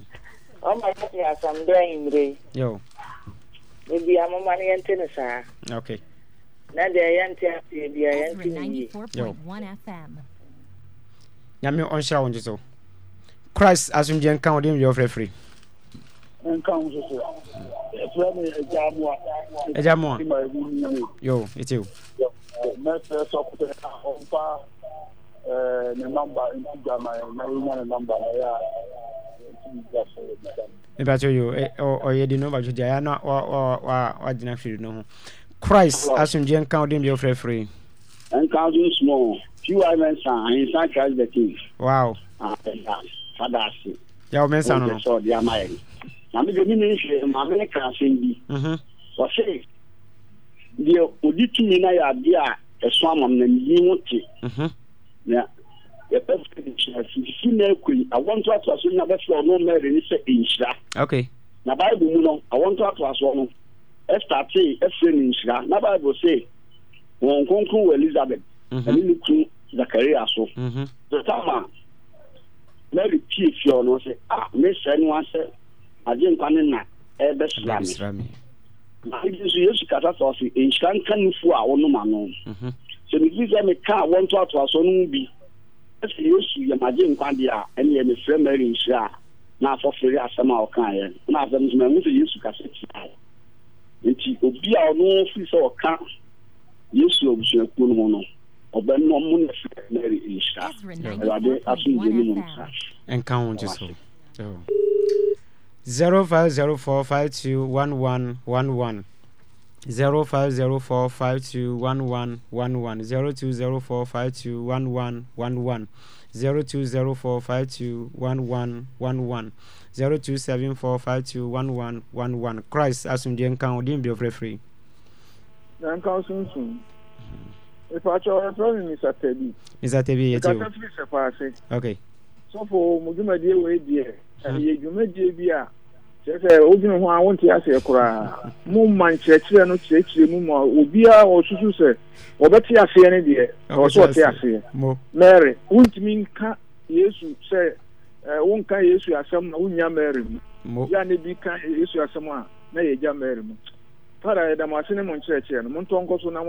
I: ɔma yɛde asɛmdɛ yi ebi amoma no yɛnte no saa okay na deɛ yɛnte aseɛ bia yɛnte no yie
B: nyame ɔnhyira wo nkye christ asomdwe nka wo de mmyɛ frɛfiri
I: nka wo nso so ɛfrɛ me e e e
B: yo ɛtio
I: Eh, ne namba nti gama na yɛnya ne namba na yɛ a
B: mepatɛ yo ɔyɛ di no wobatwo gyaeɛ na wagyena firi no ho christ asomdwoeɛ nka wode mdeɛ wofrɛfrɛ
I: nka so nsoma o fiwa mensa ahensa christ the king wow e, fada ase
B: yɛwo mensa no sɛ
I: ɔde ama yɛ e. na mede me ne nhwɛ maame ne ka asɛm bi ɔse deɛ ɔdi tumi na yɛ adeɛ a ɛso e amam na meyi ho
D: te
I: na akɔ yi awɔ na bɛfrɛ ɔno mary ne nhyira okay na bible mu no awɔ nto ato aso no ɛstatee ɛfrɛ na bible sɛ wɔn kronkron wɔ elizabeth mhm. ɛne ne zakaria so mhm. the mary pie fie ɔno sɛ ah mesrɛ no asɛ ade nkwa na ɛbɛsra me na ebi nso yesu kasa sɛ ɔse nhyira nka a wɔnom ano mhm. sɛ mefi sɛ meka a wɔnto ato aso bi ɛsɛ yesu yamagye nkwa deɛ a ɛne yɛ mefrɛ mary nhyira a na afɔfere asɛm a ɔkaeɛ na asɛm nso mahu sɛ yesu kasɛ tiaeɛ nti obi a ɔno firi sɛ ɔka yesu abusuakuo no ho no ɔbɛnɔ mu ne frɛ mary nhyira awurade asomdwe no mu nsa
B: ɛnka wo nkye so 0504521111 zero five zero four five two one one one one zero two zero four five two one one one one zero two zero four five two one one one one zero two seven four five two one one one one christ asundie nkan odin bi ofurefure.
F: yankan sunsun ìfàtsọ ẹfẹ mi mr tebi.
B: mr tebi yẹ ti o ìkàtà fi
F: ṣẹfà ṣe. ok. sọfọ mojúmọdé wo e diẹ ẹ bi a. kyerɛ sɛ ho a wonte aseɛ koraa nkyerɛkyerɛ no kyerɛkyerɛ mu ma obiaa ɔsusu sɛ wɔbɛte aseɛ no deɛ ɛwɔ ɔte
D: aseɛ
F: mary wontumi nka yesu sɛ wonka yesu asɛm na wonnya mary mu ya ne bi ka yesu asɛm a na yɛgya mary mu fada yɛda ase ne mo nkyerɛkyerɛ no montɔ nkɔ so na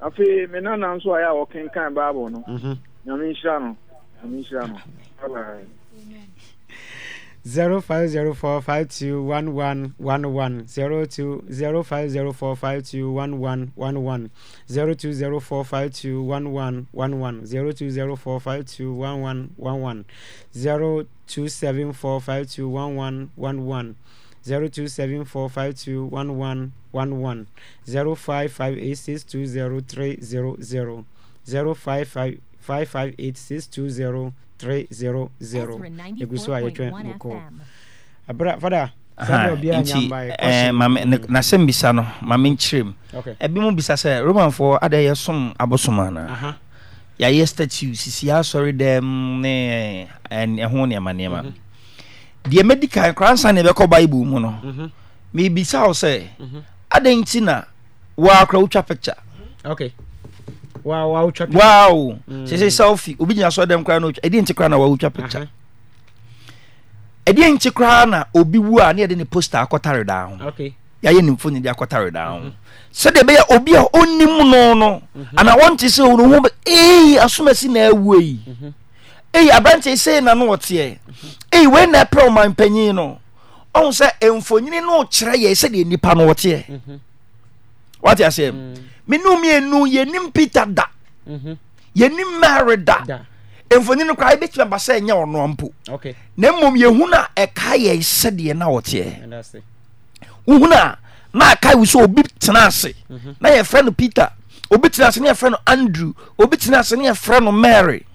F: afei nana nso a yɛ a no nyame nhyira no nyame nhyira no
B: zero five zero four five two one one one one zero two zero five zero four five two one one one one zero two zero four five two one one one one zero two zero four five two one one one one zero two seven four five two one one one one zero two seven four five two one one one one zero five five eight six two zero three zero zero zero five five five five eight six two zero 300 ɛgu so a yɛtwɛ mokɔ abra fada
H: nasɛm bisa no ma menkyerɛ m ɛbi eh, mu bisa sɛ romanfoɔ ada yɛsom abosom anaa yɛayɛ statue sisi asɔre dɛm ne ɛho eh, nneɛma nneɛma deɛ mɛdi kan koraa nsa ne ɛbɛkɔ mhm. bible mu no mebisa mhm. wo sɛ mhm. adɛn nti na woakora wotwa picture
B: wow
H: mm. sɛsɛ selfie obi gyina sɔ dɛm koraa na ɔtwa nti koraa na wawotwa picture ɛdeɛ nti na obi wu a ne yɛde ne poster akɔtare daa ho yɛayɛ ne mfoni de akɔtare daa ho mhm. sɛdeɛ obi a mhm. sɛ asomasi na awu yi mhm. ei aberante sei na no na ɔman panyin no sɛ mfonyini no kyerɛ yɛ sɛdeɛ nnipa no wate aseɛ mm. menomɛnu yɛnim peter da mhm. yɛni mary da mfoninora yɛbɛtima ba sɛ nyɛ ɔnoa mpo na mmom yɛhunua ɛkae yɛ sɛdeɛ na wɔteɛ wohuna na ɛkae wo sɛ mhm. obi tena ase na yɛfrɛ no peter obi tena se ne ɛfrɛ no andrew obi tena ase ne ɛfrɛ no mary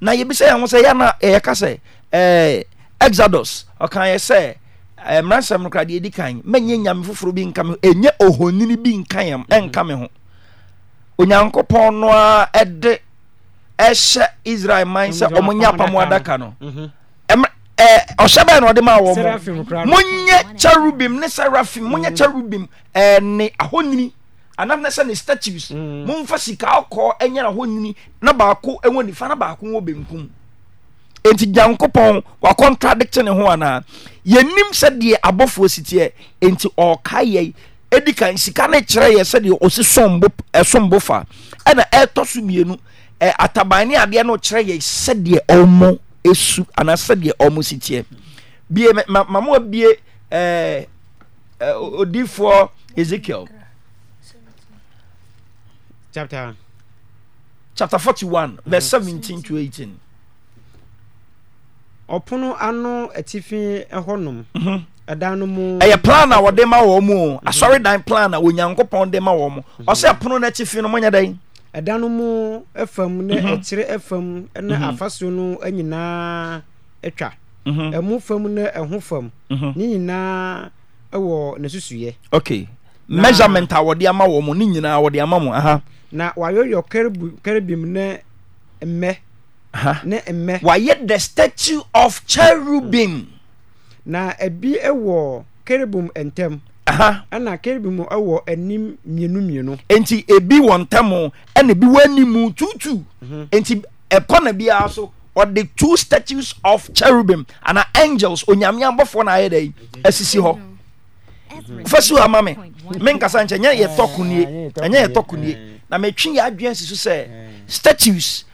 H: na yɛbisɛ yɛwo sɛ yɛnaɛyɛ ka sɛ eh, exodus ɔkayɛ sɛ Eh, mmaransɛm no koradeɛ ɛdi kan mɛnyɛ nyame foforɔ bi nka me ho ɛnyɛ ohonini bi nka yɛm mhm. ɛnka me ho onyankopɔn no ɛde ɛhyɛ israel man sɛ ɔmo nyɛ apamo adaka no mhm. eh, ɔhyɛ bɛɛ na ɔde maa wɔn monyɛ cherubim ne seraphim monyɛ mhm. cherubim ɛne eh, ahonini anam na sɛ ne statues momfa sika akɔɔ ɛnyɛ ahonini na baako ɛwɔ nifa na baako wɔ benkum enti nyankopɔn wakɔntradikte ne ho anaa yɛnim sɛ deɛ abɔfoɔ si teɛ enti ɔɔka yɛi ɛdi kan sika ne kyerɛ yɛ sɛdeɛ ɔsi sombo ɛsombo fa ɛna ɛɛtɔ so mmienu ɛ ataban ne adeɛ no kyerɛ yɛ sɛdeɛ ɔmo esu anaa sɛdeɛ ɔmo si teɛ bie ma ma mo abie ɛɛ ɛ odiifoɔ ezekiel chapter chapter forty one verse seventeen to eighteen. ɔpono ano atifi hɔnom mhm. ɛdan no mu ɛyɛ plan a wɔde ma wɔn mu asɔredan plan a onyankopɔn de ma wɔn mu mhm. ɔsɛ ɛpono no atifi no monyɛ dɛn ɛdan no mu fam ne ɛkyerɛ mhm. fam
B: ne afasuo no nyinaa atwa ɛmu fam ne ɛho fam
H: ne nyinaa ɛwɔ ne susuyɛ okay measurement a wɔde ama wɔn mu ne nyinaa wɔde ama mu aha na wɔayɔyɔ kerubim ne mmɛ ne mmɛ wayɛ the statue of cherubim na
B: ebi ɛwɔ kerubim ntam ɛna kerubim ɛwɔ anim mmienu
H: mmienu nti ebi wɔ ntam ɛna ebi wɔ anim tutu mhm. nti ɛkɔ na biara so ɔde two statues of cherubim ana angels onyame abɔfoɔ na ayɛ dɛ ɛsisi hɔ fɛsu ama me menkasa nkyɛn nyɛ yɛ tɔkunie ɛnyɛ yɛ tɔkunie na metwi yɛ adwene si so sɛ statues. Yeah.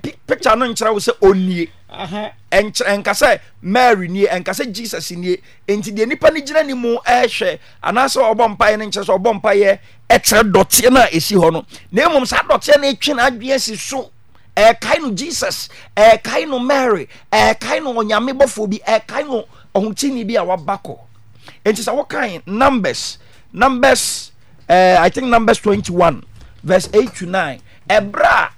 H: picture no nkyerɛ wo sɛ ɔnie nka sɛ mary nie nka sɛ jesus nie enti deɛ nipa no gyina ne mu ɛhwɛ anaasɛ ɔbɔ mpaeɛ no nkyerɛ sɛ ɔbɔ mpaeɛ ɛkyerɛ dɔteɛ no a ɛsi hɔ no na mmom saa dɔteɛ no ɛtwe no adwene si so ɛɛkae no jesus ɛɛkae no mary ɛɛkae no ɔnyame bɔfoɔ bi ɛɛkae no ɔhotini bi a waba kɔ enti sɛ wokae numbers numbers uh, i think numbers 21 verse 8 to 9 ɛberɛ a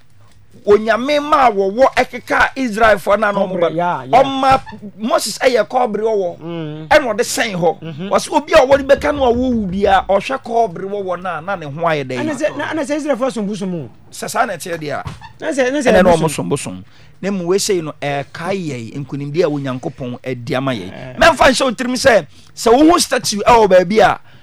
H: onyame ma wɔwɔ ɛkeka israelfoɔ na no ɔmoba ɔma moses ɛyɛ kɔɔbere wɔwɔ mm. ɛna ɔde sɛn hɔ mm-hmm. wɔsɛ obi a ɔwɔ de bɛka no a wɔwu bia ɔhwɛ kɔɔbere wɔwɔ no a na ne ho ayɛ dɛnna sɛ israelfoɔ sombosom sɛ saa na ɛteɛ deɛ a ɛnɛ na ɔmo sombosom na mu wesei no ɛɛkae yɛi nkonimdeɛ a onyankopɔn adi ama yɛi eh. mɛmfa nhyɛ wo tirim sɛ sɛ wohu statue ɛwɔ baabi a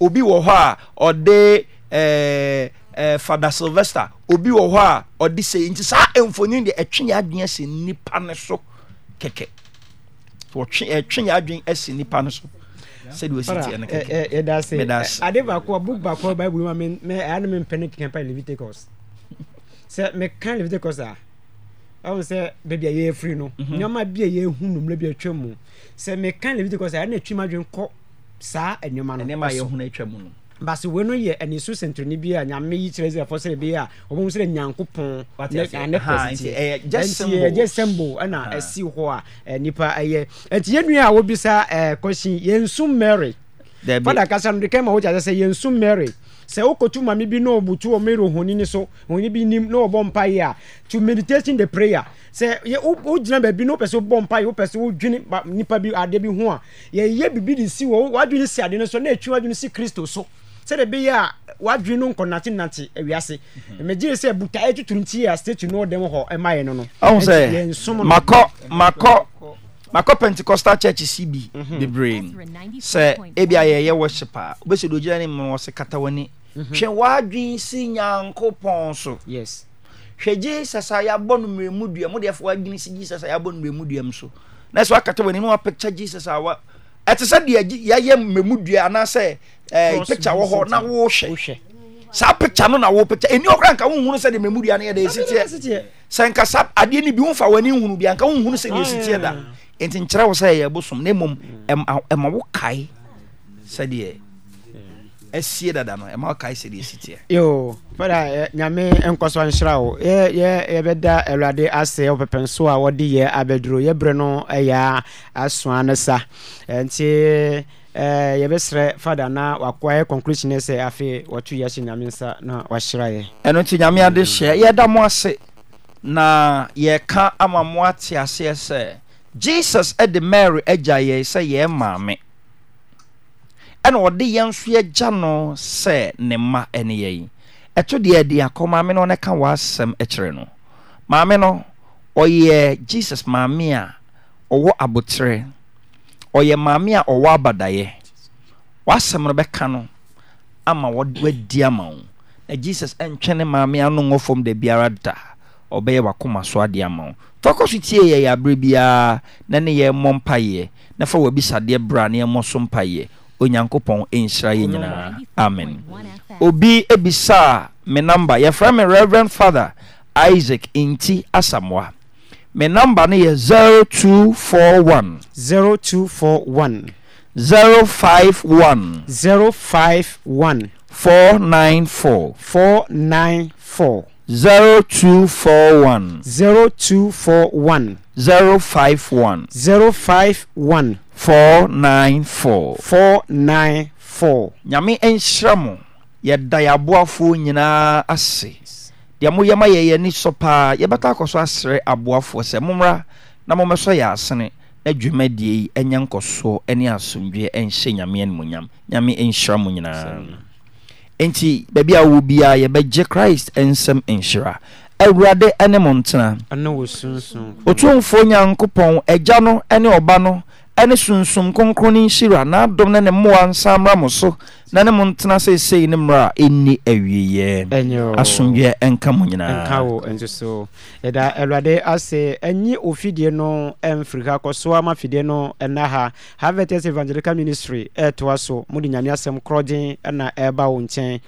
H: obi wɔ hɔ a ɔde ɛɛ ɛɛ fada sylvester obi wɔ hɔ a ɔde sɛ nti saa mfonin deɛ ɛtwe yɛ adwene ɛsɛ nipa ne so kɛkɛ wɔtwe ɛtwe yɛ adwene ɛsɛ nipa ne so sɛdeɛ osi tiɛ no kɛkɛ eh, eh, eh, yɛda se yɛda se
B: ade baako a book baako a baibul mu a mɛ mɛ ɛyà no mi mpɛ ne kɛkɛ mpa leviticus sɛ mɛ kan leviticus a ɔmu sɛ beebi a yɛ efiri no mhm. nneɛma bi a yɛ ehu numre bi atwa mu sɛ mɛ kan leviticus a ɛyà no etwi mu adwene kɔ saa nneɛma no nneɛma yɛ hunu atwa mu no basi wei no yɛ anisu sentoni bi a nyame yi kyerɛ israelfoɔ sɛ bi a wɔn sɛ nyankopɔn ne pɛsiti ɛnti ɛgye sɛmbo ɛna ɛsi hɔ a eh, nipa ɛyɛ nti yɛn nua a wobisa ɛɛ eh, kɔsi yɛn sun mary fada kasa no de kɛma wogya sɛ sɛ yɛnsu mary sɛ wokɔtu mame bi na ɔbutu wɔ mary ohoni ni so ohoni bi nim na ɔbɔ mpaeɛ a to meditation the prayer sɛ wogyina baabi na wopɛ sɛ wobɔ mpaeɛ wopɛ sɛ wodwene nipa bi adeɛ bi ho a yɛyɛ biribi de si wɔ wadwene si adeɛ no so na ɛtwi wadwene si kristo so sɛde bɛyɛ a wadwene no nkɔnantenante awiase megyere mhm. sɛ butaa ɛtuturu e nti a statue no ɔdɛm hɔ ɛma e yɛ no no ɛnti e yɛnsom no makɔ
D: makɔ
H: makɔ pentecostal church cb mhm. bebree sɛ ebi ayɛyɛ worship a wobɛsɛ de ogyina ne ma wɔ se kata w'ani mhm. hwɛ w'adwen si nyankopɔn so hwɛ jesus a yɛabɔ no mmerɛmu dua mo deɛfo w'adwene si jesus a yɛabɔ no mmerɛmu dua m so na sɛ wakata w'ani na wapicture jesus a wa ɛte sɛ deɛ yɛyɛ mmerɛmu dua anaasɛ eh, picture wɔ hɔ na wohwɛ saa picture no na wo picture ɛni ɔkora nka wohunu sɛ de mmerɛmu dua no yɛde ɛsiteɛ sɛ nka saa adeɛ ni bi womfa w'ani nhunu bi anka wohunu sɛ deɛ ɛsiteɛ da ah nti nkyerɛ wo sɛ ɛyɛ bosom na mmom ɛma wo kae sɛdeɛ asie dada no ɛma wo kae sɛdeɛ ɛsi
B: yo fada nyame nkɔ so nhyira wo yɛbɛda awurade ase wo pɛpɛnso a wɔde yɛ abɛduro yɛberɛ no ɛyɛ asoa no sa nti yɛbɛsrɛ fada na wakoa yɛ
H: conclusion sɛ afei wɔto yɛ hyɛ nyame nsa na wahyera yɛ ɛno nti nyame ade hyɛ yɛda mo ase na yɛka ama mo ate aseɛ sɛ jesus ɛde mary agyae yɛi sɛ yɛɛ maame ɛne ɔde yɛ so yɛgya no sɛ ne ma ɛne yɛi ɛto deɛ ɛdeakɔ maame no no ka wasɛm kyerɛ no maame no ɔyɛ jesus maame a ɔwɔ aboterɛ ɔyɛ maame a ɔwɔ abadaeɛ wasɛm no bɛka no ama wadi ama wo na jesus ɛntwene maame ano nwɔfam da biara da ɔbɛyɛ wakoma so adeɛ ama wo tɔkɔ so tie yɛ yɛaberɛ biara na ne yɛ mmɔ mpaeɛ na fa wabisadeɛ bra ne ɛmmɔ so mpaeɛ onyankopɔn ɛnhyira eh, yɛ nyinaa amen obi ebisa eh, me namba yɛfrɛ me reverend father isaac nti asamoa me namba no yɛ 0241 0241 051 051
B: 494 494 zero two
H: four one. zero two four one. zero five one. zero five one. four nine four. four nine four. nyame nhyira mo yɛda yɛaboafoɔ nyinaa ase deɛ moyɛ ma yɛyɛ ni sɔ paa yɛbɛta akɔ so asrɛ aboafoɔ sɛ mommra na mommɛsɔ yɛ asene na dwumadie yi ɛnyɛ nkɔsoɔ ne asomdwoeɛ ɛnhyɛ nyame animuonyam nyame nhyira nyinaa nti baabi a wo bia yɛbɛgye christ nsɛm nhyira awurade ne mo ntena ɔtumfoɔ nyankopɔn agya no ne ɔba no ne sunsun kronkron no nhyira n'adom no ne mmoa nsa mmra mo so na ne mo ntena seesei ne mmerɛ a ɛnni awieeɛ asomdwe ɛnka mo nyinaa
B: ɛda awurade ase ɛnyi ofidie no ɛmfiri ha kɔsoa ma fidie no ɛna ha harvest evangelical ministry ɛɛtoa so mode nyame asɛm korɔgyen na ɛɛba wo nkyɛn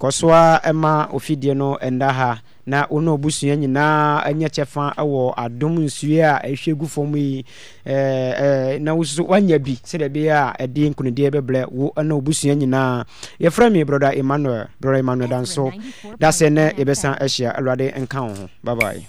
B: kɔ soa ɛma ofidiɛ no ɛndaha na wona busua nyinaa anya kyɛ fa wɔ adom nsue a ɛhwɛ gu fa mu yi na wosuso wanya bi sɛde bi a ɛde nkonudeɛ bɛbrɛ wona busua nyinaa yɛfrɛ mi brothar emmanuel brtr mmanuel danso dasɛ nɛ yɛbɛsan ahyia alade nka wo hobb